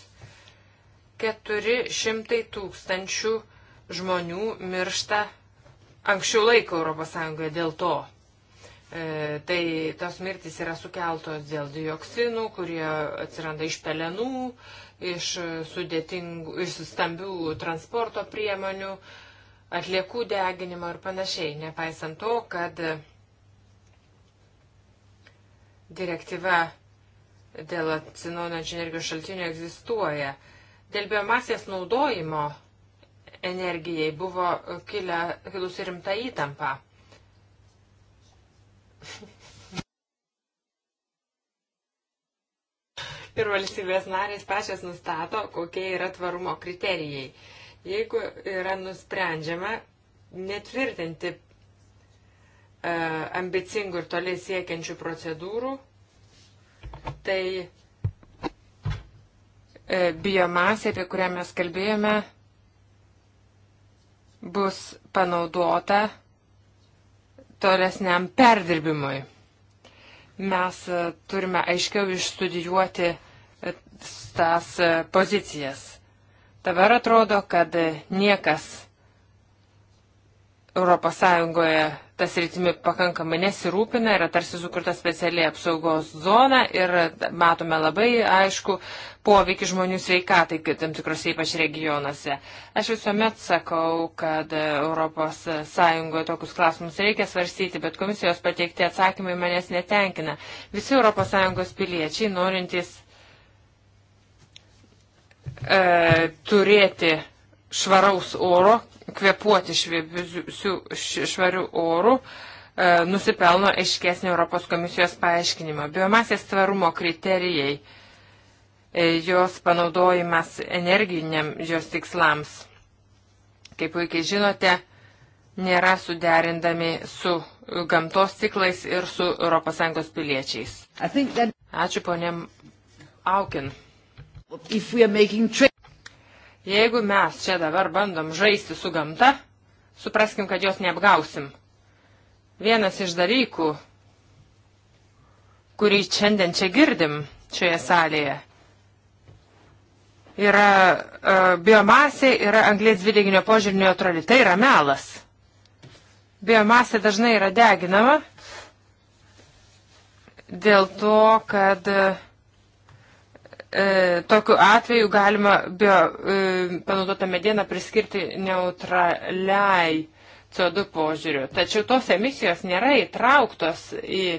400 tūkstančių žmonių miršta anksčiau laiko ES dėl to. E, tai tos mirtis yra sukeltos dėl dioksinų, kurie atsiranda iš pelenų, iš sudėtingų, iš stambių transporto priemonių, e, atliekų deginimo ir panašiai, nepaisant to, kad direktyva dėl atsinaujinančių energijos šaltinių egzistuoja. Dėl biomasės naudojimo energijai buvo kilę, kilusi rimta įtampa. ir valstybės narės pačias nustato, kokie yra tvarumo kriterijai. Jeigu yra nusprendžiama netvirtinti e, ambicingų ir toliai siekiančių procedūrų, tai e, biomasė, apie kurią mes kalbėjome, bus panaudota tolesniam perdirbimui. Mes e, turime aiškiau išstudijuoti e, tas e, pozicijas. Dabar atrodo, kad niekas ES tas rytimi pakankamai nesirūpina, yra tarsi sukurta specialiai apsaugos zona ir matome labai aišku poveikį žmonių sveikatai, tam tikrose ypač regionuose. Aš visuomet sakau, kad ES tokius klausimus reikia svarstyti, bet komisijos pateikti atsakymai manęs netenkina. Visi ES piliečiai norintys e, turėti švaraus oro, kvepuoti šviebiu, švariu oru, e, nusipelno aiškesnį Europos komisijos paaiškinimą. Biomasės tvarumo kriterijai, e, jos panaudojimas energiniam jos tikslams, kaip puikiai žinote, nėra suderindami su gamtos ciklais ir su ES piliečiais. That... Ačiū ponėm Aukin. Jeigu mes čia dabar bandom žaisti su gamta, supraskim, kad jos neapgausim. Vienas iš dalykų, kurį šiandien čia girdim šioje salėje, yra e, biomasė, yra anglės dvideginio požiūrį neutrali. Tai yra melas. Biomasė dažnai yra deginama dėl to, kad e, E, tokiu atveju galima bio, e, panaudotą medieną priskirti neutraliai CO2 požiūriu. Tačiau tos emisijos nėra įtrauktos į e,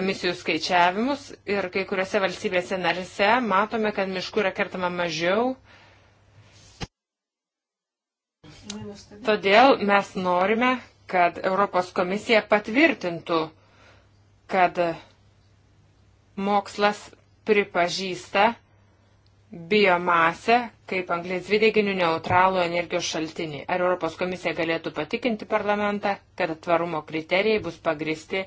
emisijų skaičiavimus ir kai kuriuose valstybėse narise matome, kad miškų yra kertama mažiau. Todėl mes norime, kad Europos komisija patvirtintų, kad mokslas pripažįsta biomasę kaip anglės dvideginių neutralų energijos šaltinį. Ar Europos komisija galėtų patikinti parlamentą, kad tvarumo kriterijai bus pagristi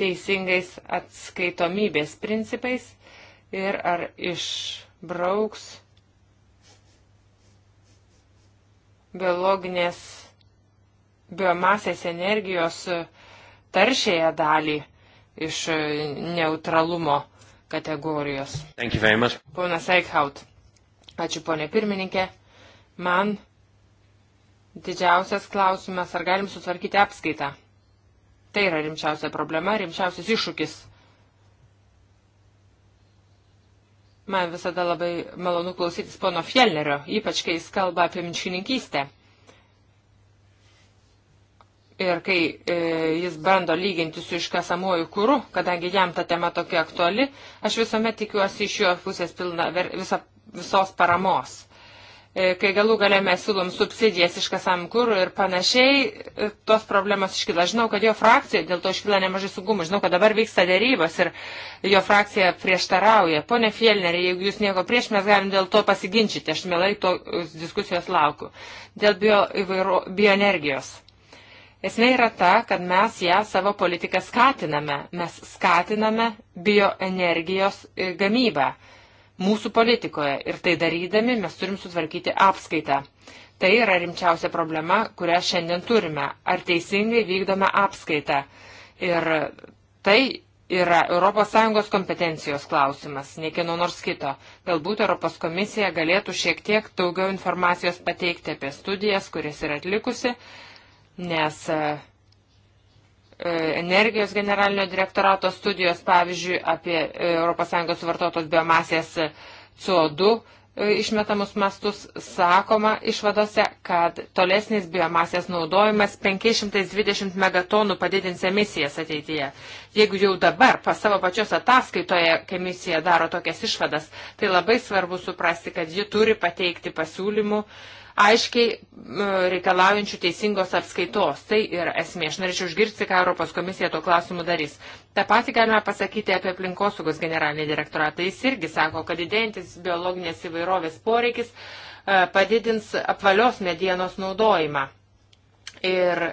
teisingais atskaitomybės principais ir ar išbrauks biologinės biomasės energijos taršėje dalį iš neutralumo kategorijos. Ponas Eichhaut, ačiū ponė pirmininkė. Man didžiausias klausimas, ar galim sutvarkyti apskaitą. Tai yra rimčiausia problema, rimčiausias iššūkis. Man visada labai malonu klausytis pono Fjellnerio, ypač kai jis kalba apie miškininkystę ir kai e, jis bando lyginti su iškasamuoju kūru, kadangi jam ta tema tokia aktuali, aš visuomet tikiuosi iš jo pusės pilna ver, visa, visos paramos. E, kai galų galę mes siūlom subsidijas iškasam kūrų ir panašiai, e, tos problemos iškyla. Žinau, kad jo frakcija dėl to iškyla nemažai sugumų. Žinau, kad dabar vyksta dėrybos ir jo frakcija prieštarauja. Pone Fielneri, jeigu jūs nieko prieš, mes galim dėl to pasiginčyti. Aš mielai to diskusijos laukiu. Dėl bio, įvairo, bioenergijos. Esmė yra ta, kad mes ją savo politiką skatiname. Mes skatiname bioenergijos e, gamybą mūsų politikoje ir tai darydami mes turim sutvarkyti apskaitą. Tai yra rimčiausia problema, kurią šiandien turime. Ar teisingai vykdome apskaitą? Ir tai yra ES kompetencijos klausimas, ne kieno nors kito. Galbūt ES komisija galėtų šiek tiek daugiau informacijos pateikti apie studijas, kurias yra atlikusi, nes e, e, energijos generalinio direktorato studijos, pavyzdžiui, apie ES vartotos biomasės e, CO2 išmetamus mastus sakoma išvadose, kad tolesnis biomasės naudojimas 520 megatonų padidins emisijas ateityje. Jeigu jau dabar pas savo pačios ataskaitoje komisija daro tokias išvadas, tai labai svarbu suprasti, kad ji turi pateikti pasiūlymų uh, aiškiai reikalaujančių teisingos apskaitos. Tai yra esmė. Aš norėčiau išgirsti, ką Europos komisija tuo klausimu darys. Ta pati galime pasakyti apie aplinkosaugos generalinį direktoratą. Jis irgi sako, kad didėjantis biologinės įvairovės poreikis e, padidins apvalios medienos naudojimą. Ir e,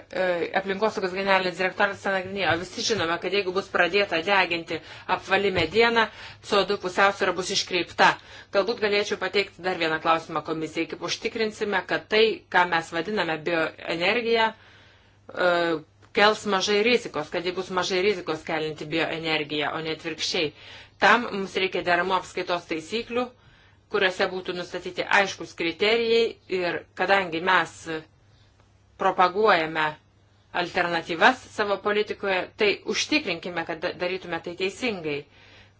aplinkosaugos generalinis direktoras nagrinėjo, visi žinome, kad jeigu bus pradėta deginti apvali mediena, CO2 pusiausvėra bus iškreipta. Galbūt galėčiau pateikti dar vieną klausimą komisijai, kaip užtikrinsime, kad tai, ką mes vadiname bioenergija, e, kels mažai rizikos, kad ji bus mažai rizikos kelinti bioenergija, o ne atvirkščiai. Tam mums reikia deramų apskaitos taisyklių, kuriuose būtų nustatyti aiškus kriterijai ir kadangi mes propaguojame alternatyvas savo politikoje, tai užtikrinkime, kad darytume tai teisingai.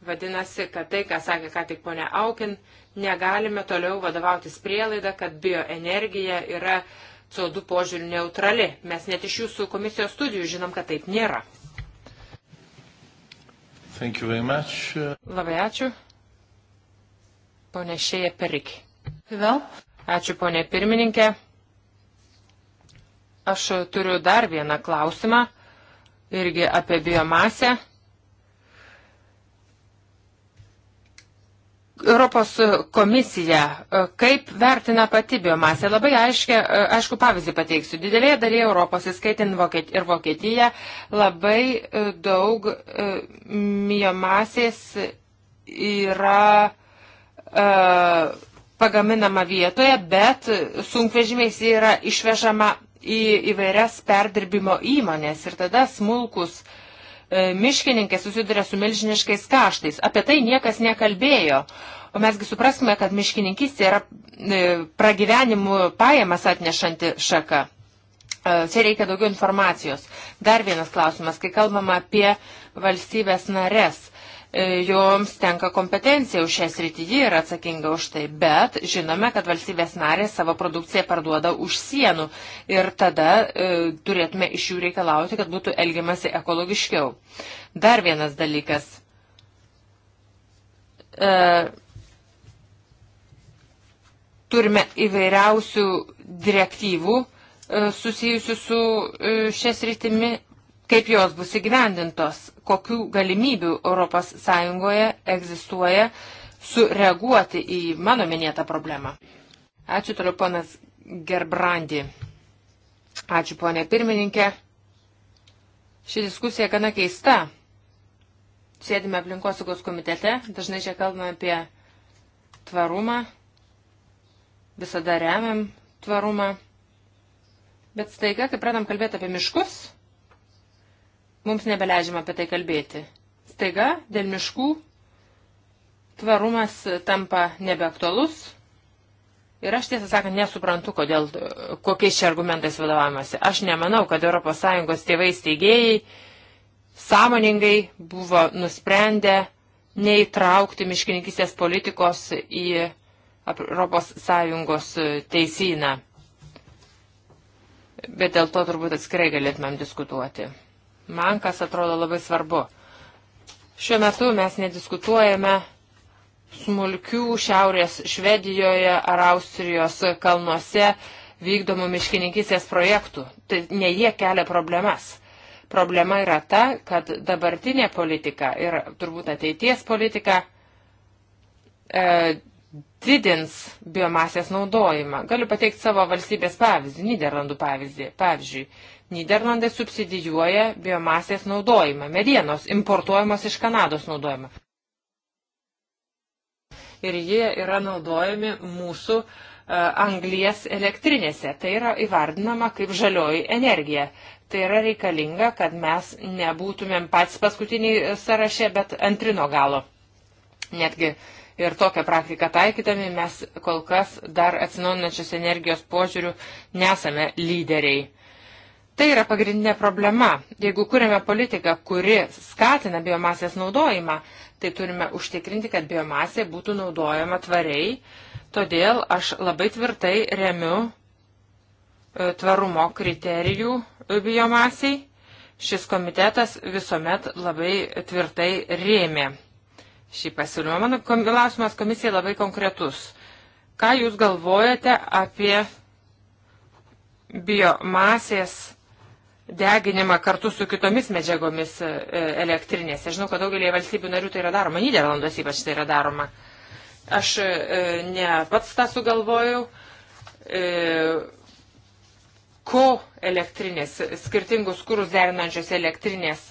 Vadinasi, kad tai, ką sakė ką tik ponia Aukin, negalime toliau vadovautis prielaida, kad bioenergija yra CO2 požiūrių neutrali. Mes net iš jūsų komisijos studijų žinom, kad taip nėra. Labai ačiū. Pone Šėja Perik. Vėl. Ačiū, ponė pirmininkė. Aš turiu dar vieną klausimą, irgi apie biomasę. Europos komisija, kaip vertina pati biomasė, labai aiškia, aišku pavyzdį pateiksiu. Didelėje dalyje Europos, įskaitint Vokiet, ir Vokietiją, labai e, daug e, biomasės yra e, pagaminama vietoje, bet sunkvežimiais yra išvežama į įvairias perdirbimo įmonės ir tada smulkus e, miškininkė susiduria su milžiniškais kaštais. Apie tai niekas nekalbėjo. O mesgi supraskime, kad miškininkystė yra e, pragyvenimų pajamas atnešanti šaka. E, čia reikia daugiau informacijos. Dar vienas klausimas, kai kalbama apie valstybės nares. E, joms tenka kompetencija už šią sritį, ji yra atsakinga už tai, bet žinome, kad valstybės narės savo produkciją parduoda už sienų ir tada e, turėtume iš jų reikalauti, kad būtų elgiamasi ekologiškiau. Dar vienas dalykas. E, turime įvairiausių direktyvų e, susijusių su e, šias rytimi kaip jos bus įgyvendintos, kokių galimybių ES egzistuoja sureaguoti į mano minėtą problemą. Ačiū toliau ponas Gerbrandi. Ačiū ponė pirmininkė. Ši diskusija gana keista. Sėdime aplinkosaugos komitete, dažnai čia kalbame apie tvarumą, visada remiam tvarumą. Bet staiga, kai pradam kalbėti apie miškus, Mums nebeleidžiama apie tai kalbėti. Staiga dėl miškų tvarumas tampa nebeaktualus. Ir aš tiesą sakant nesuprantu, kodėl, kokiais čia argumentais vadovavimasi. Aš nemanau, kad ES tėvai steigėjai sąmoningai buvo nusprendę neįtraukti miškininkistės politikos į ES teisyną. Bet dėl to turbūt atskirai galėtumėm diskutuoti man kas atrodo labai svarbu. Šiuo metu mes nediskutuojame smulkių šiaurės Švedijoje ar Austrijos kalnuose vykdomų miškininkysės projektų. Tai ne jie kelia problemas. Problema yra ta, kad dabartinė politika ir turbūt ateities politika e, didins biomasės naudojimą. Galiu pateikti savo valstybės pavyzdį, Niderlandų pavyzdį. Pavyzdžiui, Niderlandai subsidijuoja biomasės naudojimą, medienos importuojamos iš Kanados naudojimą. Ir jie yra naudojami mūsų uh, anglies elektrinėse. Tai yra įvardinama kaip žalioji energija. Tai yra reikalinga, kad mes nebūtumėm patys paskutiniai sąraše, bet antrino galo. Netgi ir tokią praktiką taikydami mes kol kas dar atsinaujinančios energijos požiūrių nesame lyderiai. Tai yra pagrindinė problema. Jeigu kuriame politiką, kuri skatina biomasės naudojimą, tai turime užtikrinti, kad biomasė būtų naudojama tvariai. Todėl aš labai tvirtai remiu e, tvarumo kriterijų biomasiai. Šis komitetas visuomet labai tvirtai rėmė šį pasiūlymą. Mano klausimas komisijai labai konkretus. Ką Jūs galvojate apie biomasės deginimą kartu su kitomis medžiagomis e, elektrinėse. Žinau, kad daugelį valstybių narių tai yra daroma, Niderlandos ypač tai yra daroma. Aš e, ne pats tą sugalvojau. E, ko elektrinės, skirtingus kurus derinančios elektrinės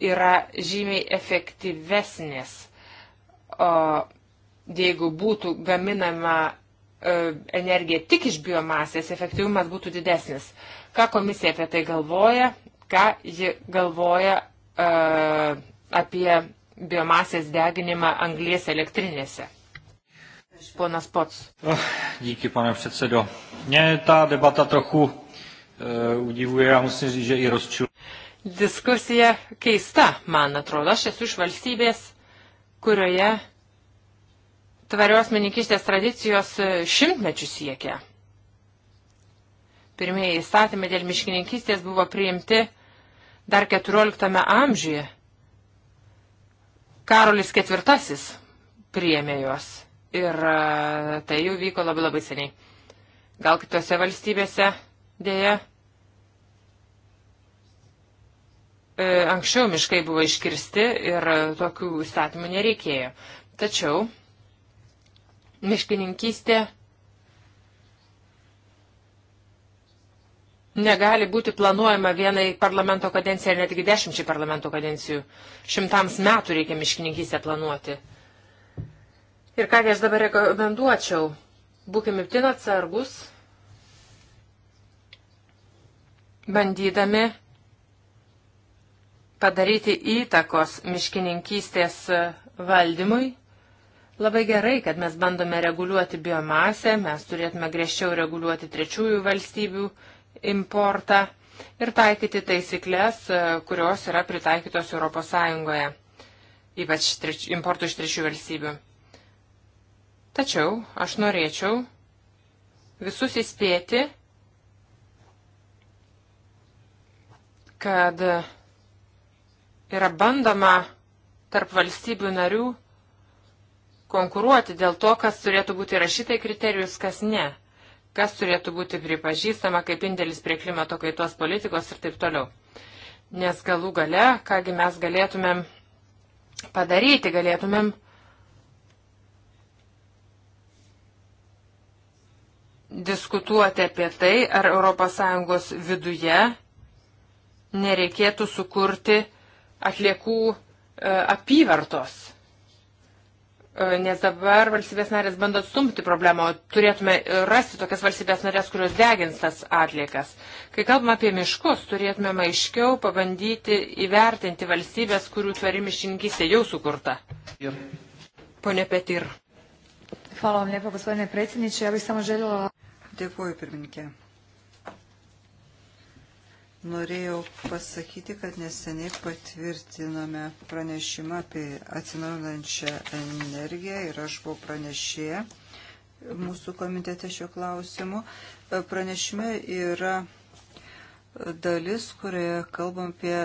yra žymiai efektyvesnės, o jeigu būtų gaminama energija tik iš biomasės, efektyvumas būtų didesnis. Ką komisija apie tai galvoja, ką ji galvoja uh, apie biomasės deginimą anglies elektrinėse. Ponas Pots. Oh, díky, pane předsedo. Mě ta debata trochu uh, udivuje a musím říct, že i rozčiluje. Diskusija keista, man atrodo. Aš esu iš valstybės, kurioje tvarios meninkistės tradicijos e, šimtmečių siekia. Pirmieji įstatymai dėl miškininkystės buvo priimti dar 14 amžiuje. Karolis IV priėmė juos ir e, tai jau vyko labai labai seniai. Gal kitose valstybėse dėja e, anksčiau miškai buvo iškirsti ir tokių įstatymų nereikėjo. Tačiau miškininkystė negali būti planuojama vienai parlamento kadencijai ar netgi dešimčiai parlamento kadencijų. Šimtams metų reikia miškininkystę planuoti. Ir kągi aš dabar rekomenduočiau, būkime itin atsargus, bandydami padaryti įtakos miškininkystės valdymui. Labai gerai, kad mes bandome reguliuoti biomasę, mes turėtume griežčiau reguliuoti trečiųjų valstybių uh, importą ir taikyti taisyklės, e, kurios yra pritaikytos ES, ypač importų iš trečių valstybių. Tačiau aš norėčiau visus įspėti, kad yra bandoma tarp valstybių narių konkuruoti dėl to, kas turėtų būti rašytai kriterijus, kas ne kas turėtų būti pripažįstama kaip indėlis prie klimato kaitos politikos ir taip toliau. Nes galų gale, kągi mes galėtumėm padaryti, galėtumėm diskutuoti apie tai, ar ES viduje nereikėtų sukurti atliekų e, apyvartos E, nes dabar valstybės narės bando atstumti problemą, turėtume rasti tokias valstybės narės, kurios degins tas atliekas. Kai kalbame apie miškus, turėtume aiškiau pabandyti įvertinti valstybės, kurių tvari mišininkystė jau sukurta. Ir. Pone Petir. Hvala vam lijepo, gospodine predsjedniče. Ja bih samo željela... Dėkuoju, pirmininkė. Norėjau pasakyti, kad neseniai patvirtinome pranešimą apie atsinaujinančią energiją ir aš buvau pranešėję mūsų komitete šio klausimu. Pranešime yra dalis, kurioje kalbam apie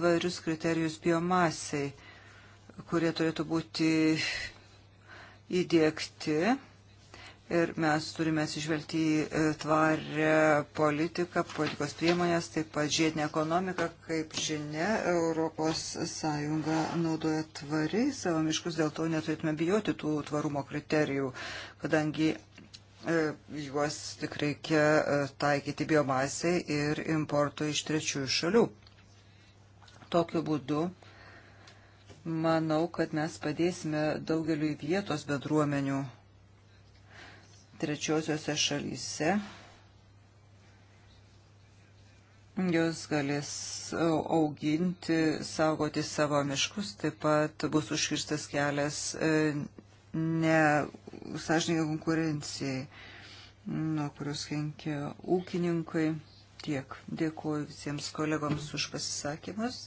tvarius kriterijus biomasiai, kurie turėtų būti įdėkti ir mes turime atsižvelgti į e, tvarę politiką, politikos priemonės, taip pat žiedinę ekonomiką. Kaip žinia, ES naudoja tvariai savo miškus, dėl to neturėtume bijoti tų tvarumo kriterijų, kadangi e, juos tik reikia e, taikyti biomasai ir importo iš trečiųjų šalių. Tokiu būdu manau, kad mes padėsime daugeliu vietos bendruomenių trečiosiose šalyse. Jos galės auginti, saugoti savo miškus, taip pat bus užkirstas kelias e, nesažininkai konkurencijai, nuo kurios kenkia ūkininkai. Tiek. Dėkuoju visiems kolegoms už pasisakymus.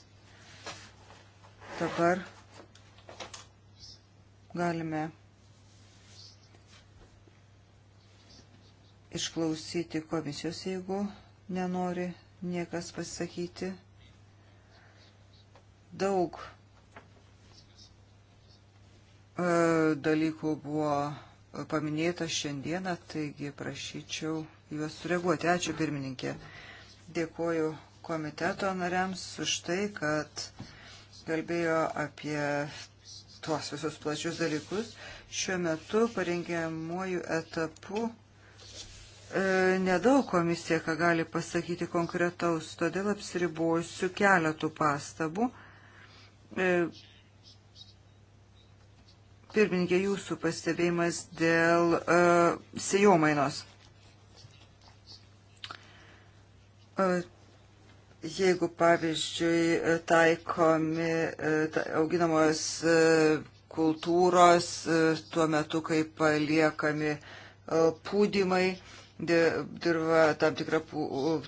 Dabar galime išklausyti komisijos, jeigu nenori niekas pasisakyti. Daug e, dalykų buvo paminėta šiandieną, taigi prašyčiau juos sureaguoti. Ačiū pirmininkė. Dėkuoju komiteto nariams už tai, kad kalbėjo apie tuos visus plačius dalykus. Šiuo metu parengiamuoju etapu E, nedaug komisija, ką gali pasakyti konkretaus, todėl apsiribosiu keletų pastabų. E, pirmininkė, jūsų pastebėjimas dėl uh, e, sejomainos. Uh, jeigu, pavyzdžiui, taikomi ta, auginamos uh, kultūros uh, tuo metu, kai paliekami uh, pūdymai, dirba tam tikrą,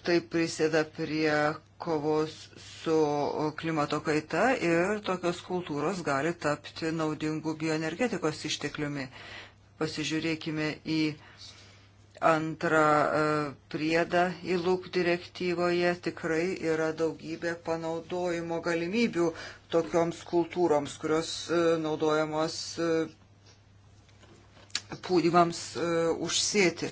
taip prisėda prie kovos su klimato kaita ir tokios kultūros gali tapti naudingų bioenergetikos ištekliumi. Pasižiūrėkime į antrą priedą į LUK direktyvoje tikrai yra daugybė panaudojimo galimybių tokioms kultūroms, kurios naudojamos pūdymams e, užsėti.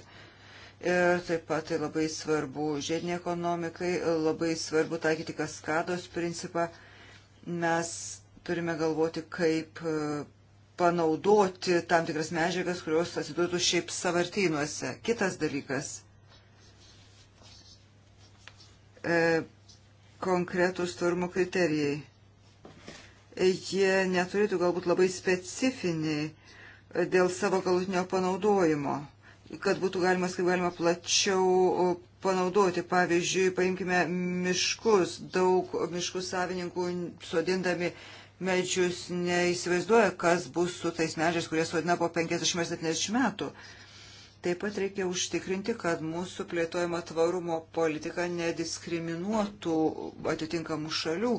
Ir e, taip pat tai labai svarbu žiedinė ekonomikai, labai svarbu taikyti kaskados principą. Mes turime galvoti, kaip e, panaudoti tam tikras medžiagas, kurios atsidurtų šiaip savartynuose. Kitas dalykas. E, konkretūs tvarumo kriterijai. Jie neturėtų galbūt labai specifiniai dėl savo galutinio panaudojimo, kad būtų galima, kaip galima, plačiau panaudoti. Pavyzdžiui, paimkime miškus, daug miškų savininkų sodindami medžius neįsivaizduoja, kas bus su tais medžiais, kurie sodina po 50-70 metų. Taip pat reikia užtikrinti, kad mūsų plėtojama tvarumo politika nediskriminuotų atitinkamų šalių.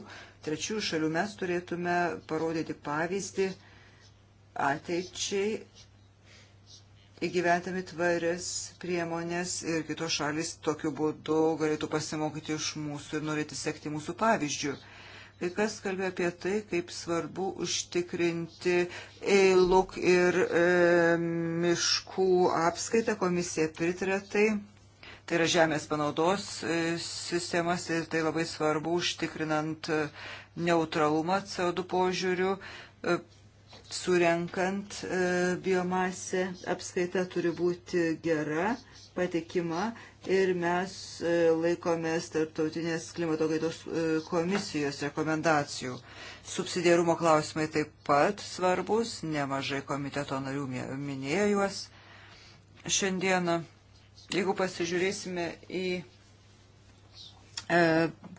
Trečiųjų šalių mes turėtume parodyti pavyzdį ateičiai įgyventami tvarias priemonės ir kitos šalis tokiu būdu galėtų pasimokyti iš mūsų ir norėti sekti mūsų pavyzdžių. Kai kas kalbėjo apie tai, kaip svarbu užtikrinti eiluk ir e, miškų apskaitą, komisija pritarė tai. Tai yra žemės panaudos e, sistemas ir tai labai svarbu užtikrinant e, neutralumą CO2 požiūrių, e, surenkant e, biomasę apskaita turi būti gera, patikima ir mes e, laikomės tarptautinės klimato kaitos e, komisijos rekomendacijų. Subsidiarumo klausimai taip pat svarbus, nemažai komiteto narių minėjo juos. Šiandieną, jeigu pasižiūrėsime į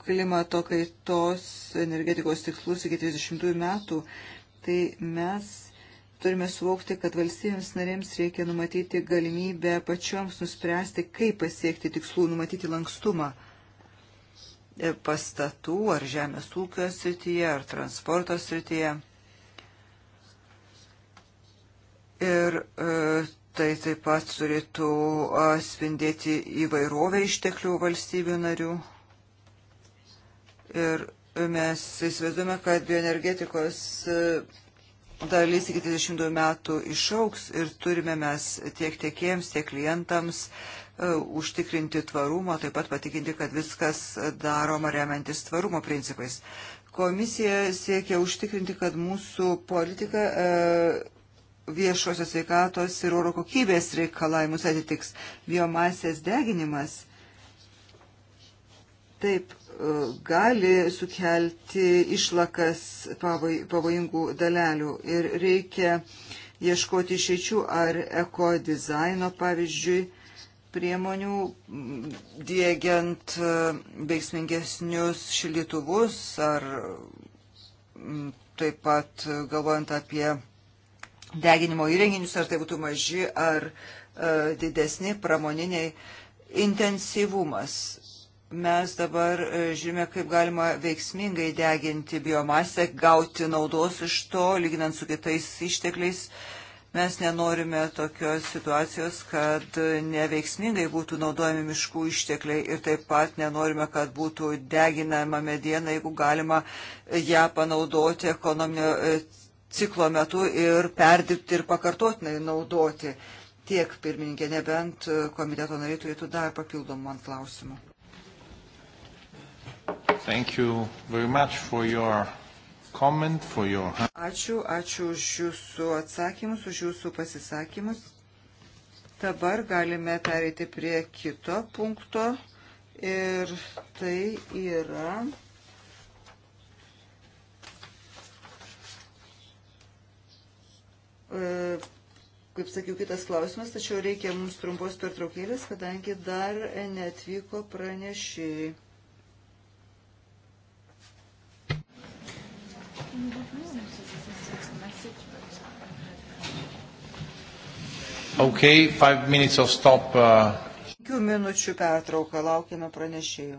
klimato kaitos energetikos tikslus iki 30 metų, tai mes turime suvokti, kad valstybėms narėms reikia numatyti galimybę pačioms nuspręsti, kaip pasiekti tikslų, numatyti lankstumą e, pastatų ar žemės ūkio srityje, ar transporto srityje. Ir e, tai taip pat turėtų atspindėti įvairovę išteklių valstybių narių. Ir mes įsivaizduojame, kad bioenergetikos e, dalis iki 30 metų išauks ir turime mes tiek tiekėjams, tiek klientams e, užtikrinti tvarumą, taip pat patikinti, kad viskas daroma remiantis tvarumo principais. Komisija siekia užtikrinti, kad mūsų politika e, viešosios sveikatos ir oro kokybės reikalavimus atitiks biomasės deginimas. Taip, gali sukelti išlakas pavojingų dalelių ir reikia ieškoti išeičių ar eko dizaino, pavyzdžiui, priemonių, dėgiant e, veiksmingesnius šildytuvus ar taip pat galvojant apie deginimo įrenginius, ar tai būtų maži ar e, didesni pramoniniai intensyvumas mes dabar e, žiūrime, kaip galima veiksmingai deginti biomasę, gauti naudos iš to, lyginant su kitais ištekliais. Mes nenorime tokios situacijos, kad neveiksmingai būtų naudojami miškų ištekliai ir taip pat nenorime, kad būtų deginama mediena, jeigu galima ją panaudoti ekonominio e, ciklo metu ir perdirbti ir pakartotinai naudoti. Tiek, pirmininkė, nebent komiteto nariai turėtų dar papildomų man klausimų. Thank you very much for your comment, for your... Ačiū, ačiū už jūsų atsakymus, už jūsų pasisakymus. Dabar galime pereiti prie kito punkto ir tai yra... E, kaip sakiau, kitas klausimas, tačiau reikia mums trumpos pertraukėlės, kadangi dar netvyko pranešėjai. Okay, five minutes of stop. Uh... Penkių minučių pertrauka, laukiame pranešėjų.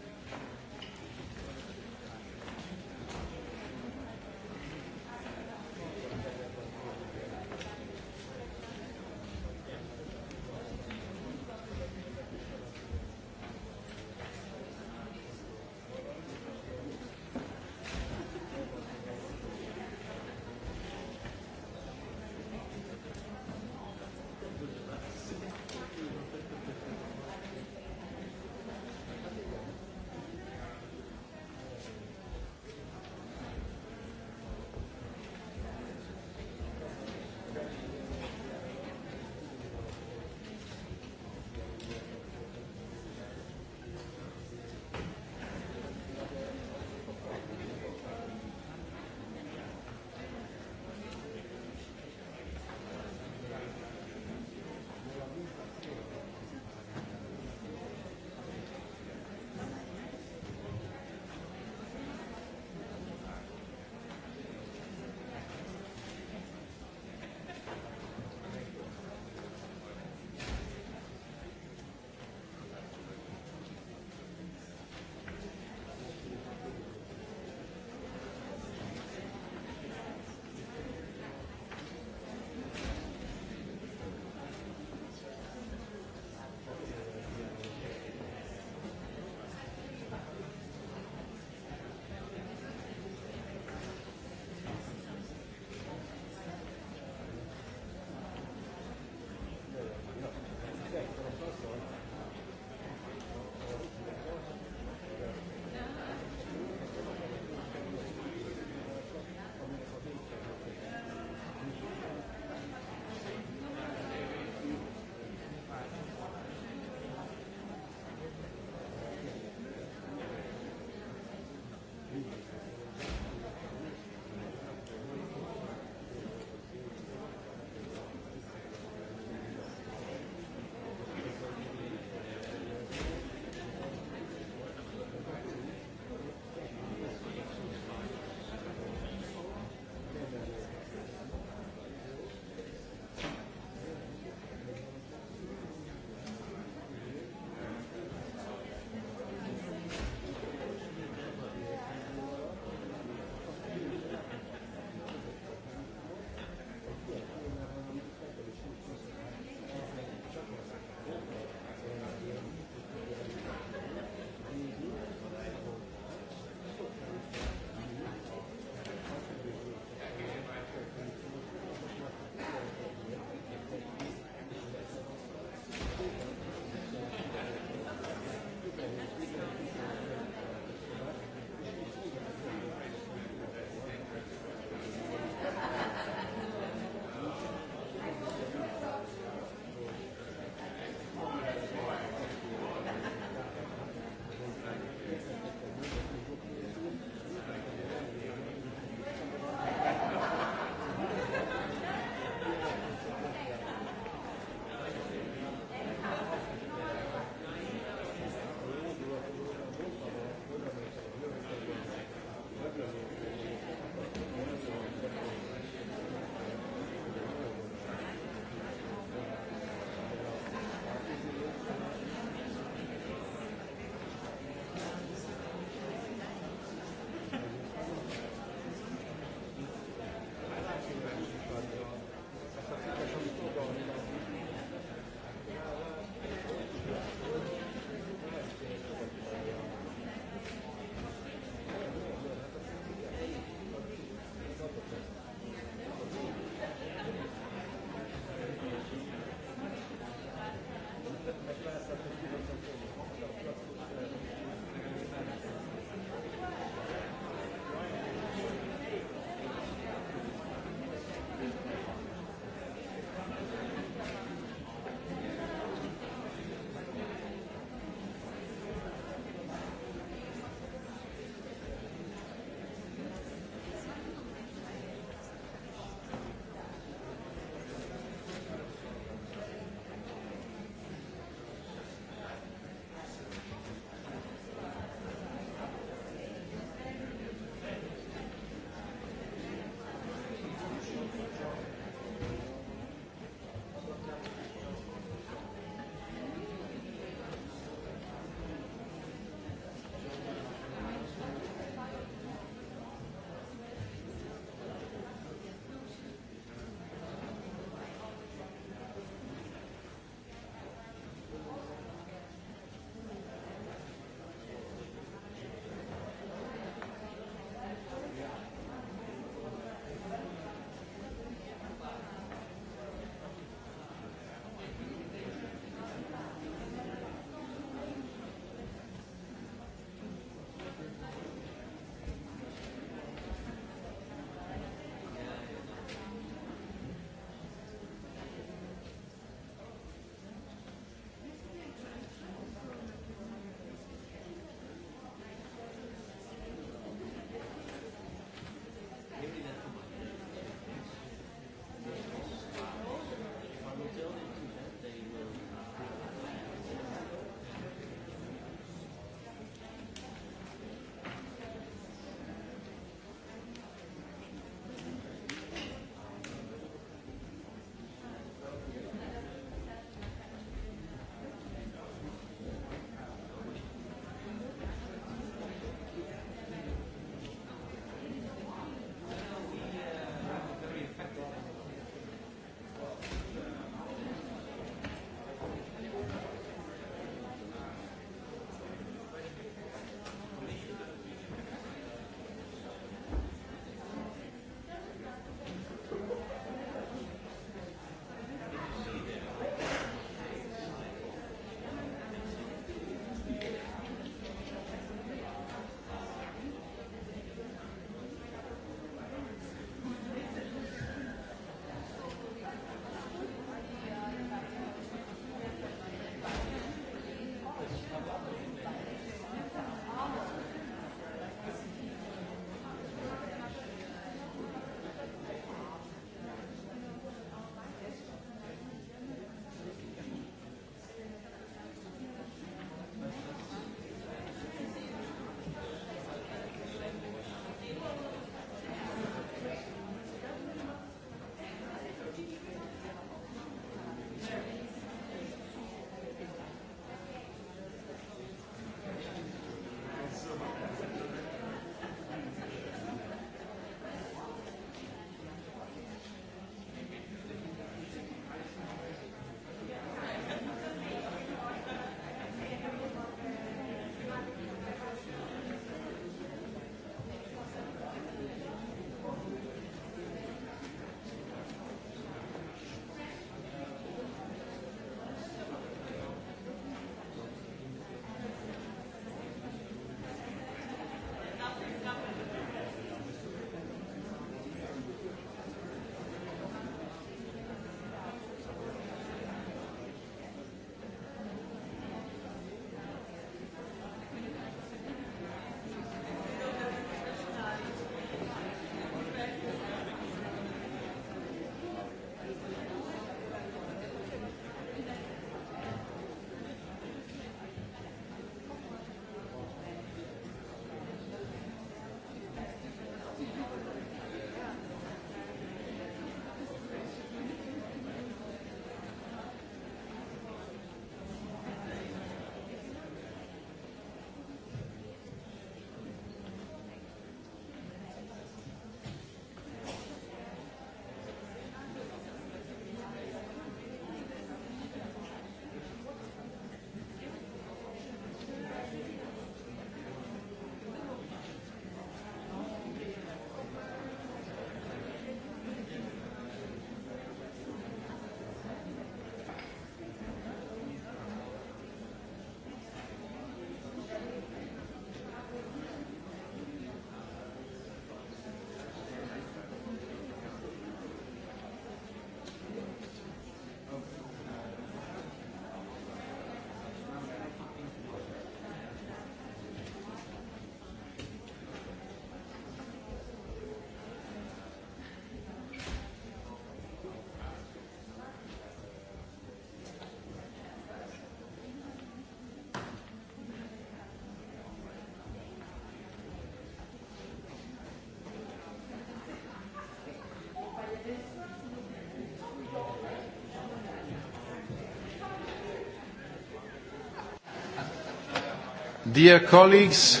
Dear colleagues,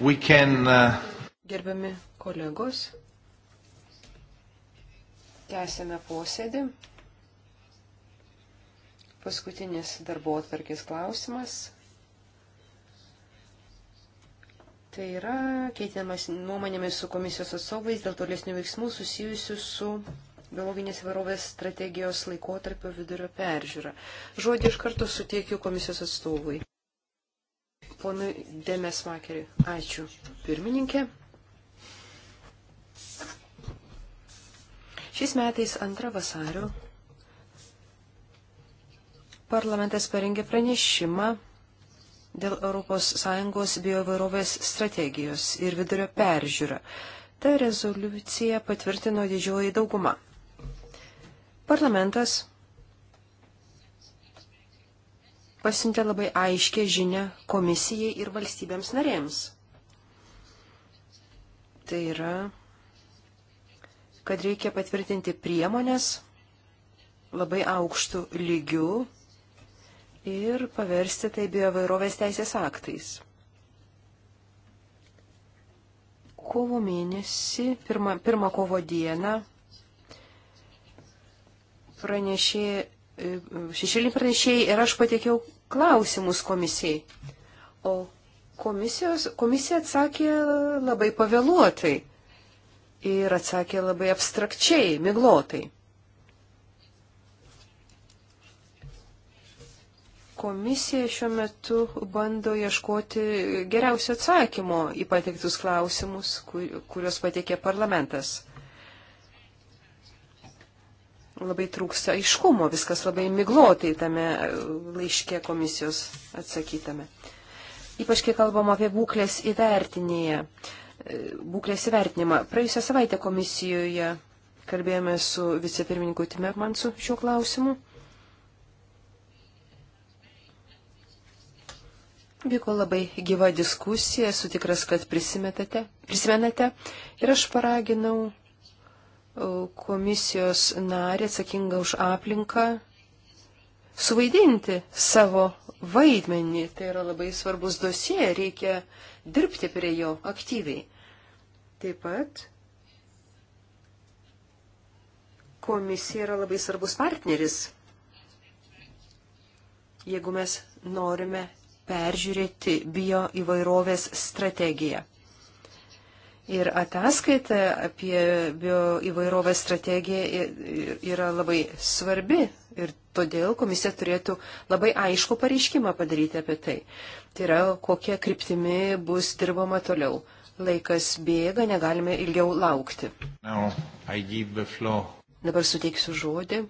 we can. Uh, Gerbiami kolegos, tęsėme posėdį. Paskutinis darbo atvarkės klausimas. Tai yra keitinamas nuomonėmis su komisijos atstovais dėl tolesnių veiksmų susijusių su biologinės įvairovės strategijos laikotarpio vidurio peržiūra. Žodį iš karto suteikiu komisijos atstovui. Ponui Demesmakeriui. Ačiū. Pirmininkė. Šiais metais antrą vasario parlamentas parengė pranešimą dėl ES bioįvairovės strategijos ir vidurio peržiūrą. Ta rezoliucija patvirtino didžioji dauguma. Parlamentas pasintė labai aiškę žinę komisijai ir valstybėms narėms. Tai yra, kad reikia patvirtinti priemonės labai aukštų lygių ir paversti tai biovairovės teisės aktais. Kovo mėnesį, pirmą, pirmą kovo dieną, pranešė, e, šešėlį pranešėjai ir aš patiekiau klausimus komisijai. O komisijos, komisija atsakė labai pavėluotai ir atsakė labai abstrakčiai, miglotai. Komisija šiuo metu bando ieškoti geriausio atsakymo į pateiktus klausimus, kuriuos pateikė parlamentas labai trūksta aiškumo, viskas labai miglotai tame laiške komisijos atsakytame. Ypač kai kalbam apie būklės įvertinėje. Būklės įvertinimą. Praėjusią savaitę komisijoje kalbėjome su vicepirmininku Timermansu šiuo klausimu. Vyko labai gyva diskusija, esu tikras, kad prisimenate. prisimenate. Ir aš paraginau komisijos narį atsakingą už aplinką suvaidinti savo vaidmenį. Tai yra labai svarbus dosie, reikia dirbti prie jo aktyviai. Taip pat komisija yra labai svarbus partneris. Jeigu mes norime peržiūrėti bio įvairovės strategiją. Ir ataskaita apie bioįvairovės strategiją yra labai svarbi ir todėl komisija turėtų labai aišku pareiškimą padaryti apie tai. Tai yra, kokia kryptimi bus dirbama toliau. Laikas bėga, negalime ilgiau laukti. Now, Dabar suteiksiu žodį.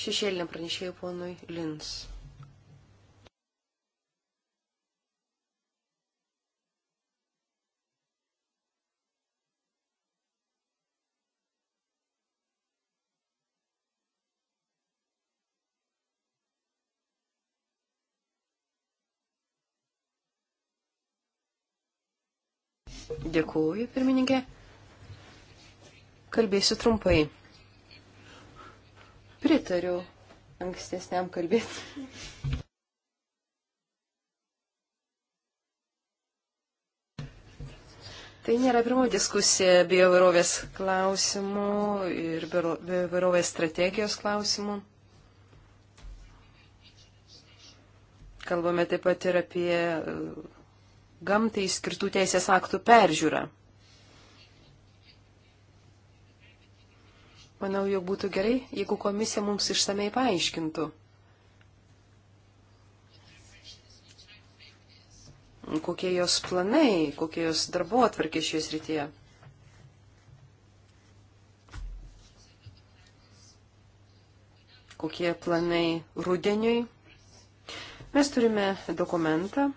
Šešėlinė pranešėjų ponui Lins. Dėkuoju, pirmininkė. Kalbėsiu trumpai. Pritariu ankstesniam kalbėti. Tai nėra pirmoji diskusija bioįvairovės klausimų ir bioįvairovės strategijos klausimų. Kalbame taip pat ir apie gamtai skirtų teisės aktų peržiūrą. Manau, jog būtų gerai, jeigu komisija mums išsamei paaiškintų, kokie jos planai, kokie jos darbo atvarkė šioje srityje. Kokie planai rudeniui. Mes turime dokumentą,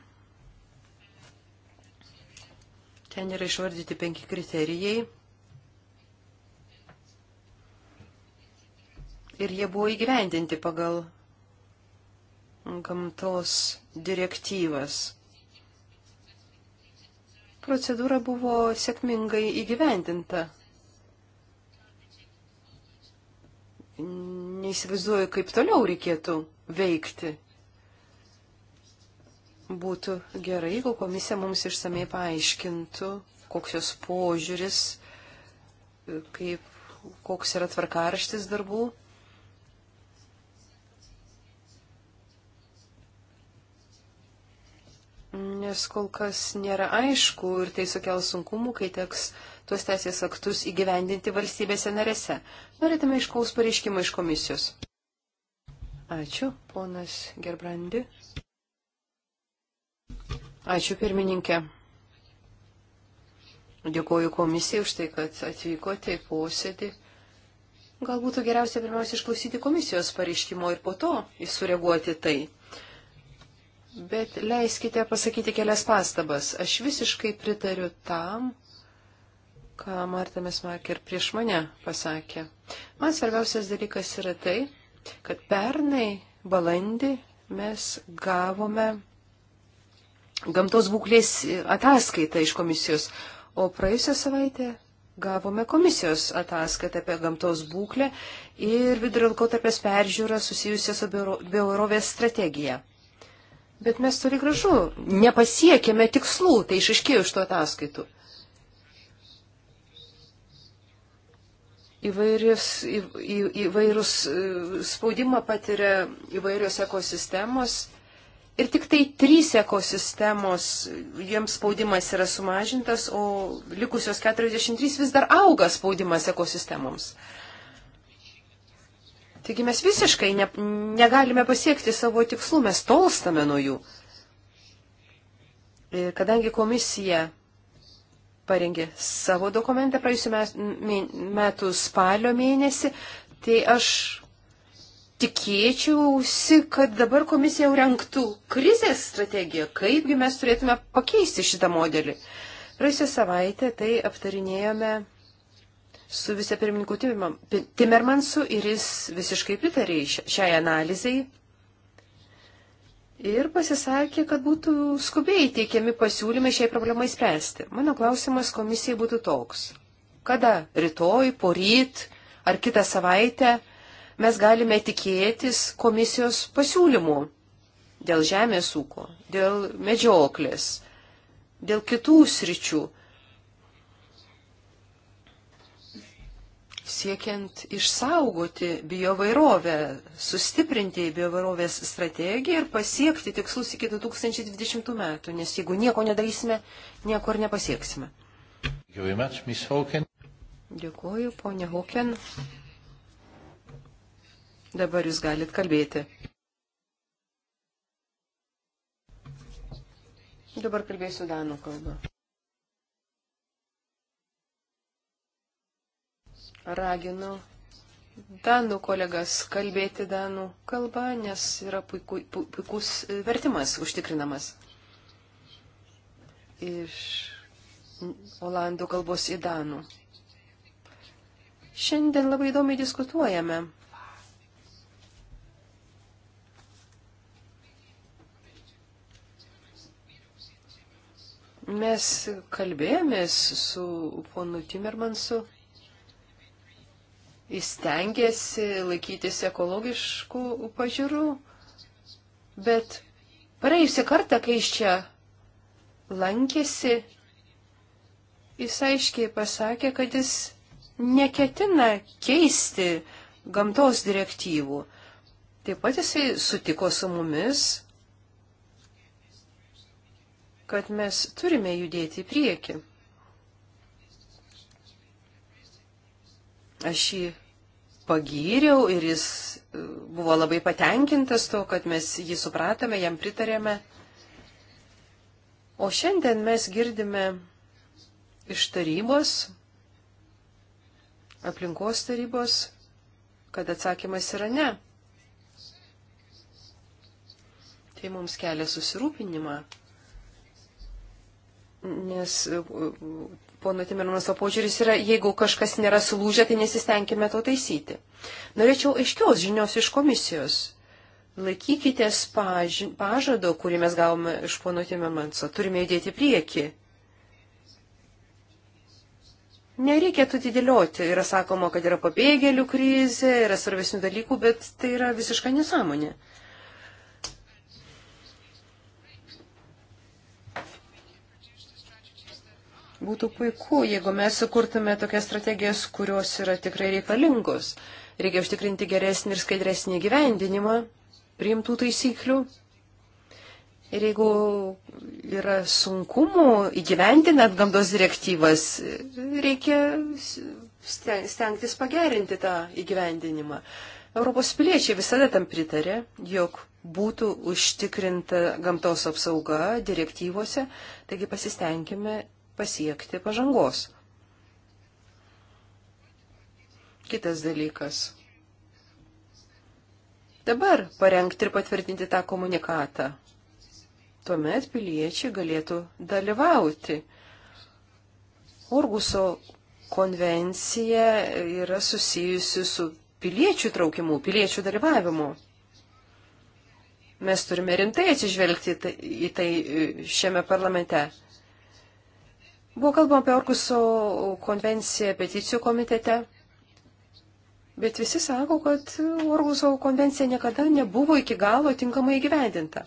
Ten yra išvardyti penki kriterijai. Ir jie buvo įgyvendinti pagal gamtos direktyvas. Procedūra buvo sėkmingai įgyvendinta. Neįsivaizduoju, kaip toliau reikėtų veikti Būtų gerai, jeigu komisija mums išsamei paaiškintų, koks jos požiūris, kaip, koks yra tvarkaraštis darbų. Nes kol kas nėra aišku ir tai sukels sunkumų, kai teks tuos teisės aktus įgyvendinti valstybėse narėse. Norėtume iškaus pareiškimą iš komisijos. Ačiū, ponas Gerbrandi. Ačiū pirmininkė. Dėkuoju komisijai už tai, kad atvykote į posėdį. Gal būtų geriausia pirmiausia išklausyti komisijos pareiškimo ir po to įsureaguoti tai. Bet leiskite pasakyti kelias pastabas. Aš visiškai pritariu tam, ką Martinas Marker prieš mane pasakė. Man svarbiausias dalykas yra tai, kad pernai balandį mes gavome gamtos būklės ataskaitą iš komisijos, o praėjusią savaitę gavome komisijos ataskaitą apie gamtos būklę ir viduralkotarpės peržiūrą susijusią su biorovės strategija. Bet mes toli gražu nepasiekėme tikslų, tai išaiškėjo iš to ataskaitų. Įvairius, į, į, įvairus e, spaudimą patiria įvairios ekosistemos Ir tik tai trys ekosistemos, jiems spaudimas yra sumažintas, o likusios 43 vis dar auga spaudimas ekosistemoms. Taigi mes visiškai ne, negalime pasiekti savo tikslų, mes tolstame nuo jų. Ir kadangi komisija parengė savo dokumentą praėjusiu metu spalio mėnesį, tai aš tikėčiausi, kad dabar komisija jau renktų krizės strategiją, kaipgi mes turėtume pakeisti šitą modelį. Praėjusią savaitę tai aptarinėjome su vicepirmininku Timermansu ir jis visiškai pritarė šiai analizai ir pasisakė, kad būtų skubiai teikiami pasiūlymai šiai problemai spręsti. Mano klausimas komisijai būtų toks. Kada? Rytoj, poryt ar kitą savaitę? mes galime tikėtis komisijos pasiūlymų dėl žemės ūko, dėl medžioklės, dėl kitų sričių, siekiant išsaugoti biovairovę, sustiprinti biovairovės strategiją ir pasiekti tikslus iki 2020 metų, nes jeigu nieko nedarysime, nieko ir nepasieksime. Much, Dėkuoju, ponia Hawken. Dabar jūs galit kalbėti. Dabar kalbėsiu Danų kalbą. Raginu Danų kolegas kalbėti Danų kalbą, nes yra puiku, pu, puikus vertimas užtikrinamas. Iš Olandų kalbos į Danų. Šiandien labai įdomiai diskutuojame Mes kalbėjomės su ponu Timermansu. Jis tengiasi laikytis ekologiškų pažiūrų, bet praėjusią kartą, kai jis čia lankėsi, jis aiškiai pasakė, kad jis neketina keisti gamtos direktyvų. Taip pat jisai sutiko su mumis kad mes turime judėti į priekį. Aš jį pagyriau ir jis e, buvo labai patenkintas to, kad mes jį supratome, jam pritarėme. O šiandien mes girdime iš tarybos, aplinkos tarybos, kad atsakymas yra ne. Tai mums kelia susirūpinimą. Nes e, pono Timirmaso požiūris yra, jeigu kažkas nėra sulūžę, tai nesistengime to taisyti. Norėčiau aiškios žinios iš komisijos. Laikykitės paži... pažado, kurį mes gavome iš pono Timirmanso. Turime judėti prieki. Nereikėtų atidėlioti. Yra sakoma, kad yra pabėgėlių krizė, yra svarbesnių dalykų, bet tai yra visiška nesąmonė. Ne Būtų puiku, jeigu mes sukurtume tokias strategijas, kurios yra tikrai reikalingos. Reikia užtikrinti geresnį ir skaidresnį gyvendinimą priimtų taisyklių. Ir jeigu yra sunkumų įgyvendinant gamtos direktyvas, reikia stengtis pagerinti tą įgyvendinimą. Europos piliečiai visada tam pritarė, jog būtų užtikrinta gamtos apsauga direktyvose, taigi pasistengime pasiekti pažangos. Kitas dalykas. Dabar parengti ir patvirtinti tą komunikatą. Tuomet piliečiai galėtų dalyvauti. Orguso konvencija yra susijusi su piliečių traukimu, piliečių dalyvavimu. Mes turime rimtai atsižvelgti tai- į tai e, šiame parlamente. Buvo kalbama apie Orkuso konvenciją peticijų komitete, bet visi sako, kad Orkuso konvencija niekada nebuvo iki galo tinkamai įgyvendinta.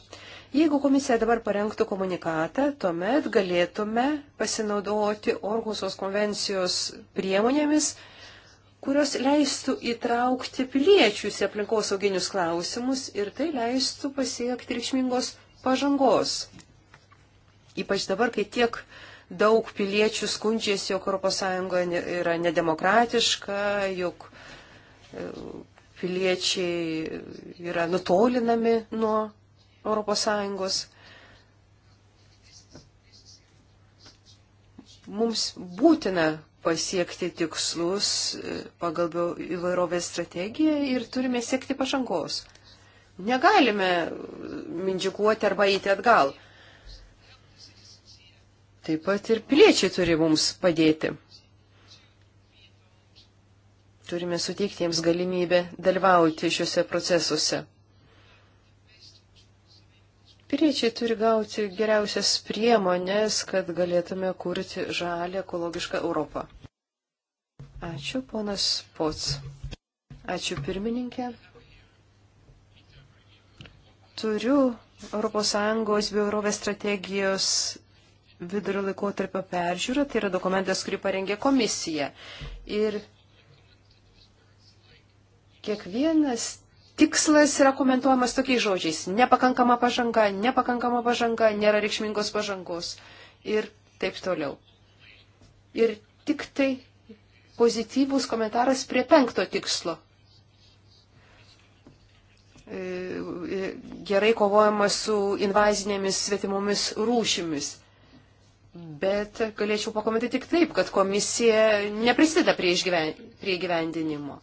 Jeigu komisija dabar parengtų komunikatą, tuomet galėtume pasinaudoti Orkusos konvencijos priemonėmis, kurios leistų įtraukti piliečius į aplinkosauginius klausimus ir tai leistų pasiekti reikšmingos pažangos. Ypač dabar, kai tiek uh, daug piliečių skundžiasi, jog ES yra nedemokratiška, jog e, piliečiai yra nutolinami nuo ES. Mums būtina pasiekti tikslus e, pagal įvairovės strategiją ir turime siekti pažangos. Negalime mindžikuoti arba eiti atgal. Taip pat ir piliečiai turi mums padėti. Turime suteikti jiems galimybę dalyvauti šiuose procesuose. Piliečiai turi gauti geriausias priemonės, kad galėtume kurti žalę ekologišką Europą. Ačiū, ponas Pots. Ačiū, pirmininkė. Turiu ES biorovės strategijos vidurio laikotarpio peržiūra, tai yra dokumentas, kurį parengė komisija. Ir kiekvienas tikslas yra komentuojamas tokiais žodžiais - nepakankama pažanga, nepakankama pažanga, nėra reikšmingos pažangos ir taip toliau. Ir tik tai pozityvus komentaras prie penkto tikslo. E, e, gerai kovojama su invazinėmis svetimomis rūšimis. Bet galėčiau pakomentuoti tik taip, kad komisija neprisideda prie, išgyven... prie gyvendinimo.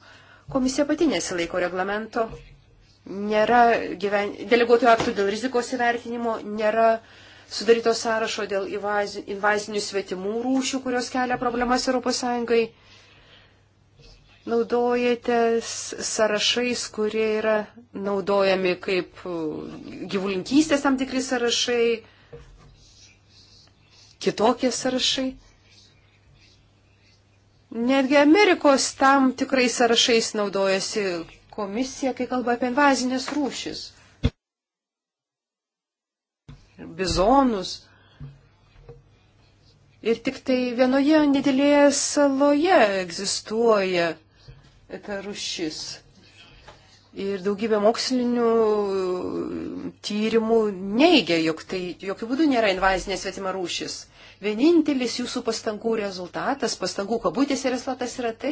Komisija pati nesilaiko reglamento, nėra gyven... deleguotojų aktų dėl rizikos įvertinimo, nėra sudaryto sąrašo dėl invazinių svetimų rūšių, kurios kelia problemas ES. Naudojate sąrašais, kurie yra naudojami kaip gyvulinkystės tam tikri sąrašai kitokie sąrašai. Netgi Amerikos tam tikrai sąrašais naudojasi komisija, kai kalba apie invazinės rūšis. Bizonus. Ir tik tai vienoje nedėlėje saloje egzistuoja ta rušis. Ir daugybė mokslinių tyrimų neigia, jog tai jokių būdų nėra invazinė svetima rūšis. Vienintelis jūsų pastangų rezultatas, pastangų kabutėse rezultatas yra tai,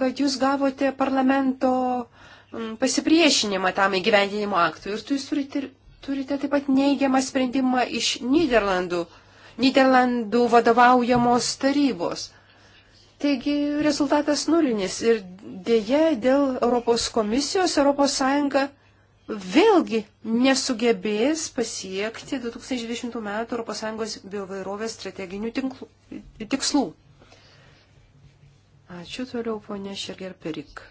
kad jūs gavote parlamento mm, pasipriešinimą tam įgyvendinimo aktui ir jūs turite, turite taip pat neigiamą sprendimą iš Niderlandų, Niderlandų vadovaujamos tarybos. Taigi rezultatas nulinis ir dėje dėl Europos komisijos ES vėlgi nesugebės pasiekti 2020 m. ES biovairovės strateginių tinklų, tikslų. Ačiū toliau, ponė Šerger Perik.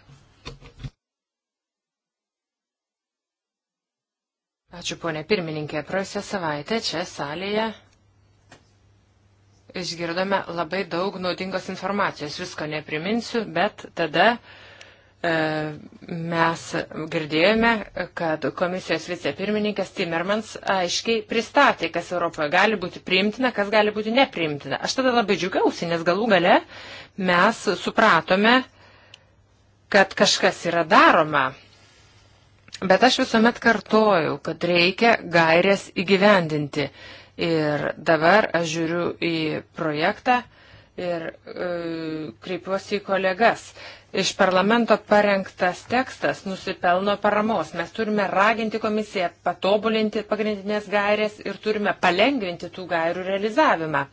Ačiū, ponė pirmininkė. Praėjusią savaitę čia salėje išgirdome labai daug naudingos informacijos. Visko nepriminsiu, bet tada uh, E, mes girdėjome, kad komisijos vicepirmininkas Timmermans aiškiai pristatė, kas Europoje gali būti priimtina, kas gali būti nepriimtina. Aš tada labai džiugiausi, nes galų gale mes supratome, kad kažkas yra daroma. Bet aš visuomet kartojau, kad reikia gairės įgyvendinti. Ir dabar aš žiūriu į projektą ir e, kreipiuosi į kolegas. Iš parlamento parengtas tekstas nusipelno paramos. Mes turime raginti komisiją patobulinti pagrindinės gairės ir turime palengvinti tų gairių realizavimą.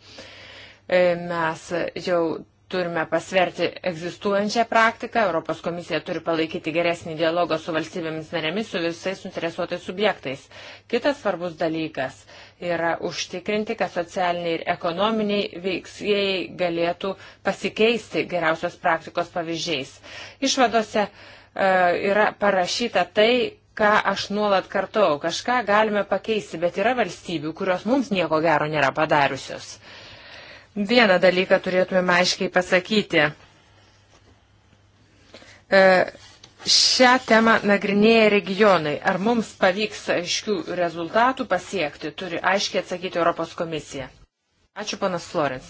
E, mes jau turime pasverti egzistuojančią praktiką, Europos komisija turi palaikyti geresnį dialogą su valstybėmis narėmis, su visais suinteresuotais subjektais. Kitas svarbus dalykas yra užtikrinti, kad socialiniai ir ekonominiai veiksėjai galėtų pasikeisti geriausios praktikos pavyzdžiais. Išvadose e, yra parašyta tai, ką aš nuolat kartau, kažką galime pakeisti, bet yra valstybių, kurios mums nieko gero nėra padariusios. Vieną dalyką turėtume aiškiai pasakyti. E, šią temą nagrinėja regionai. Ar mums pavyks aiškių rezultatų pasiekti, turi aiškiai atsakyti Europos komisija. Ačiū, panas Florins.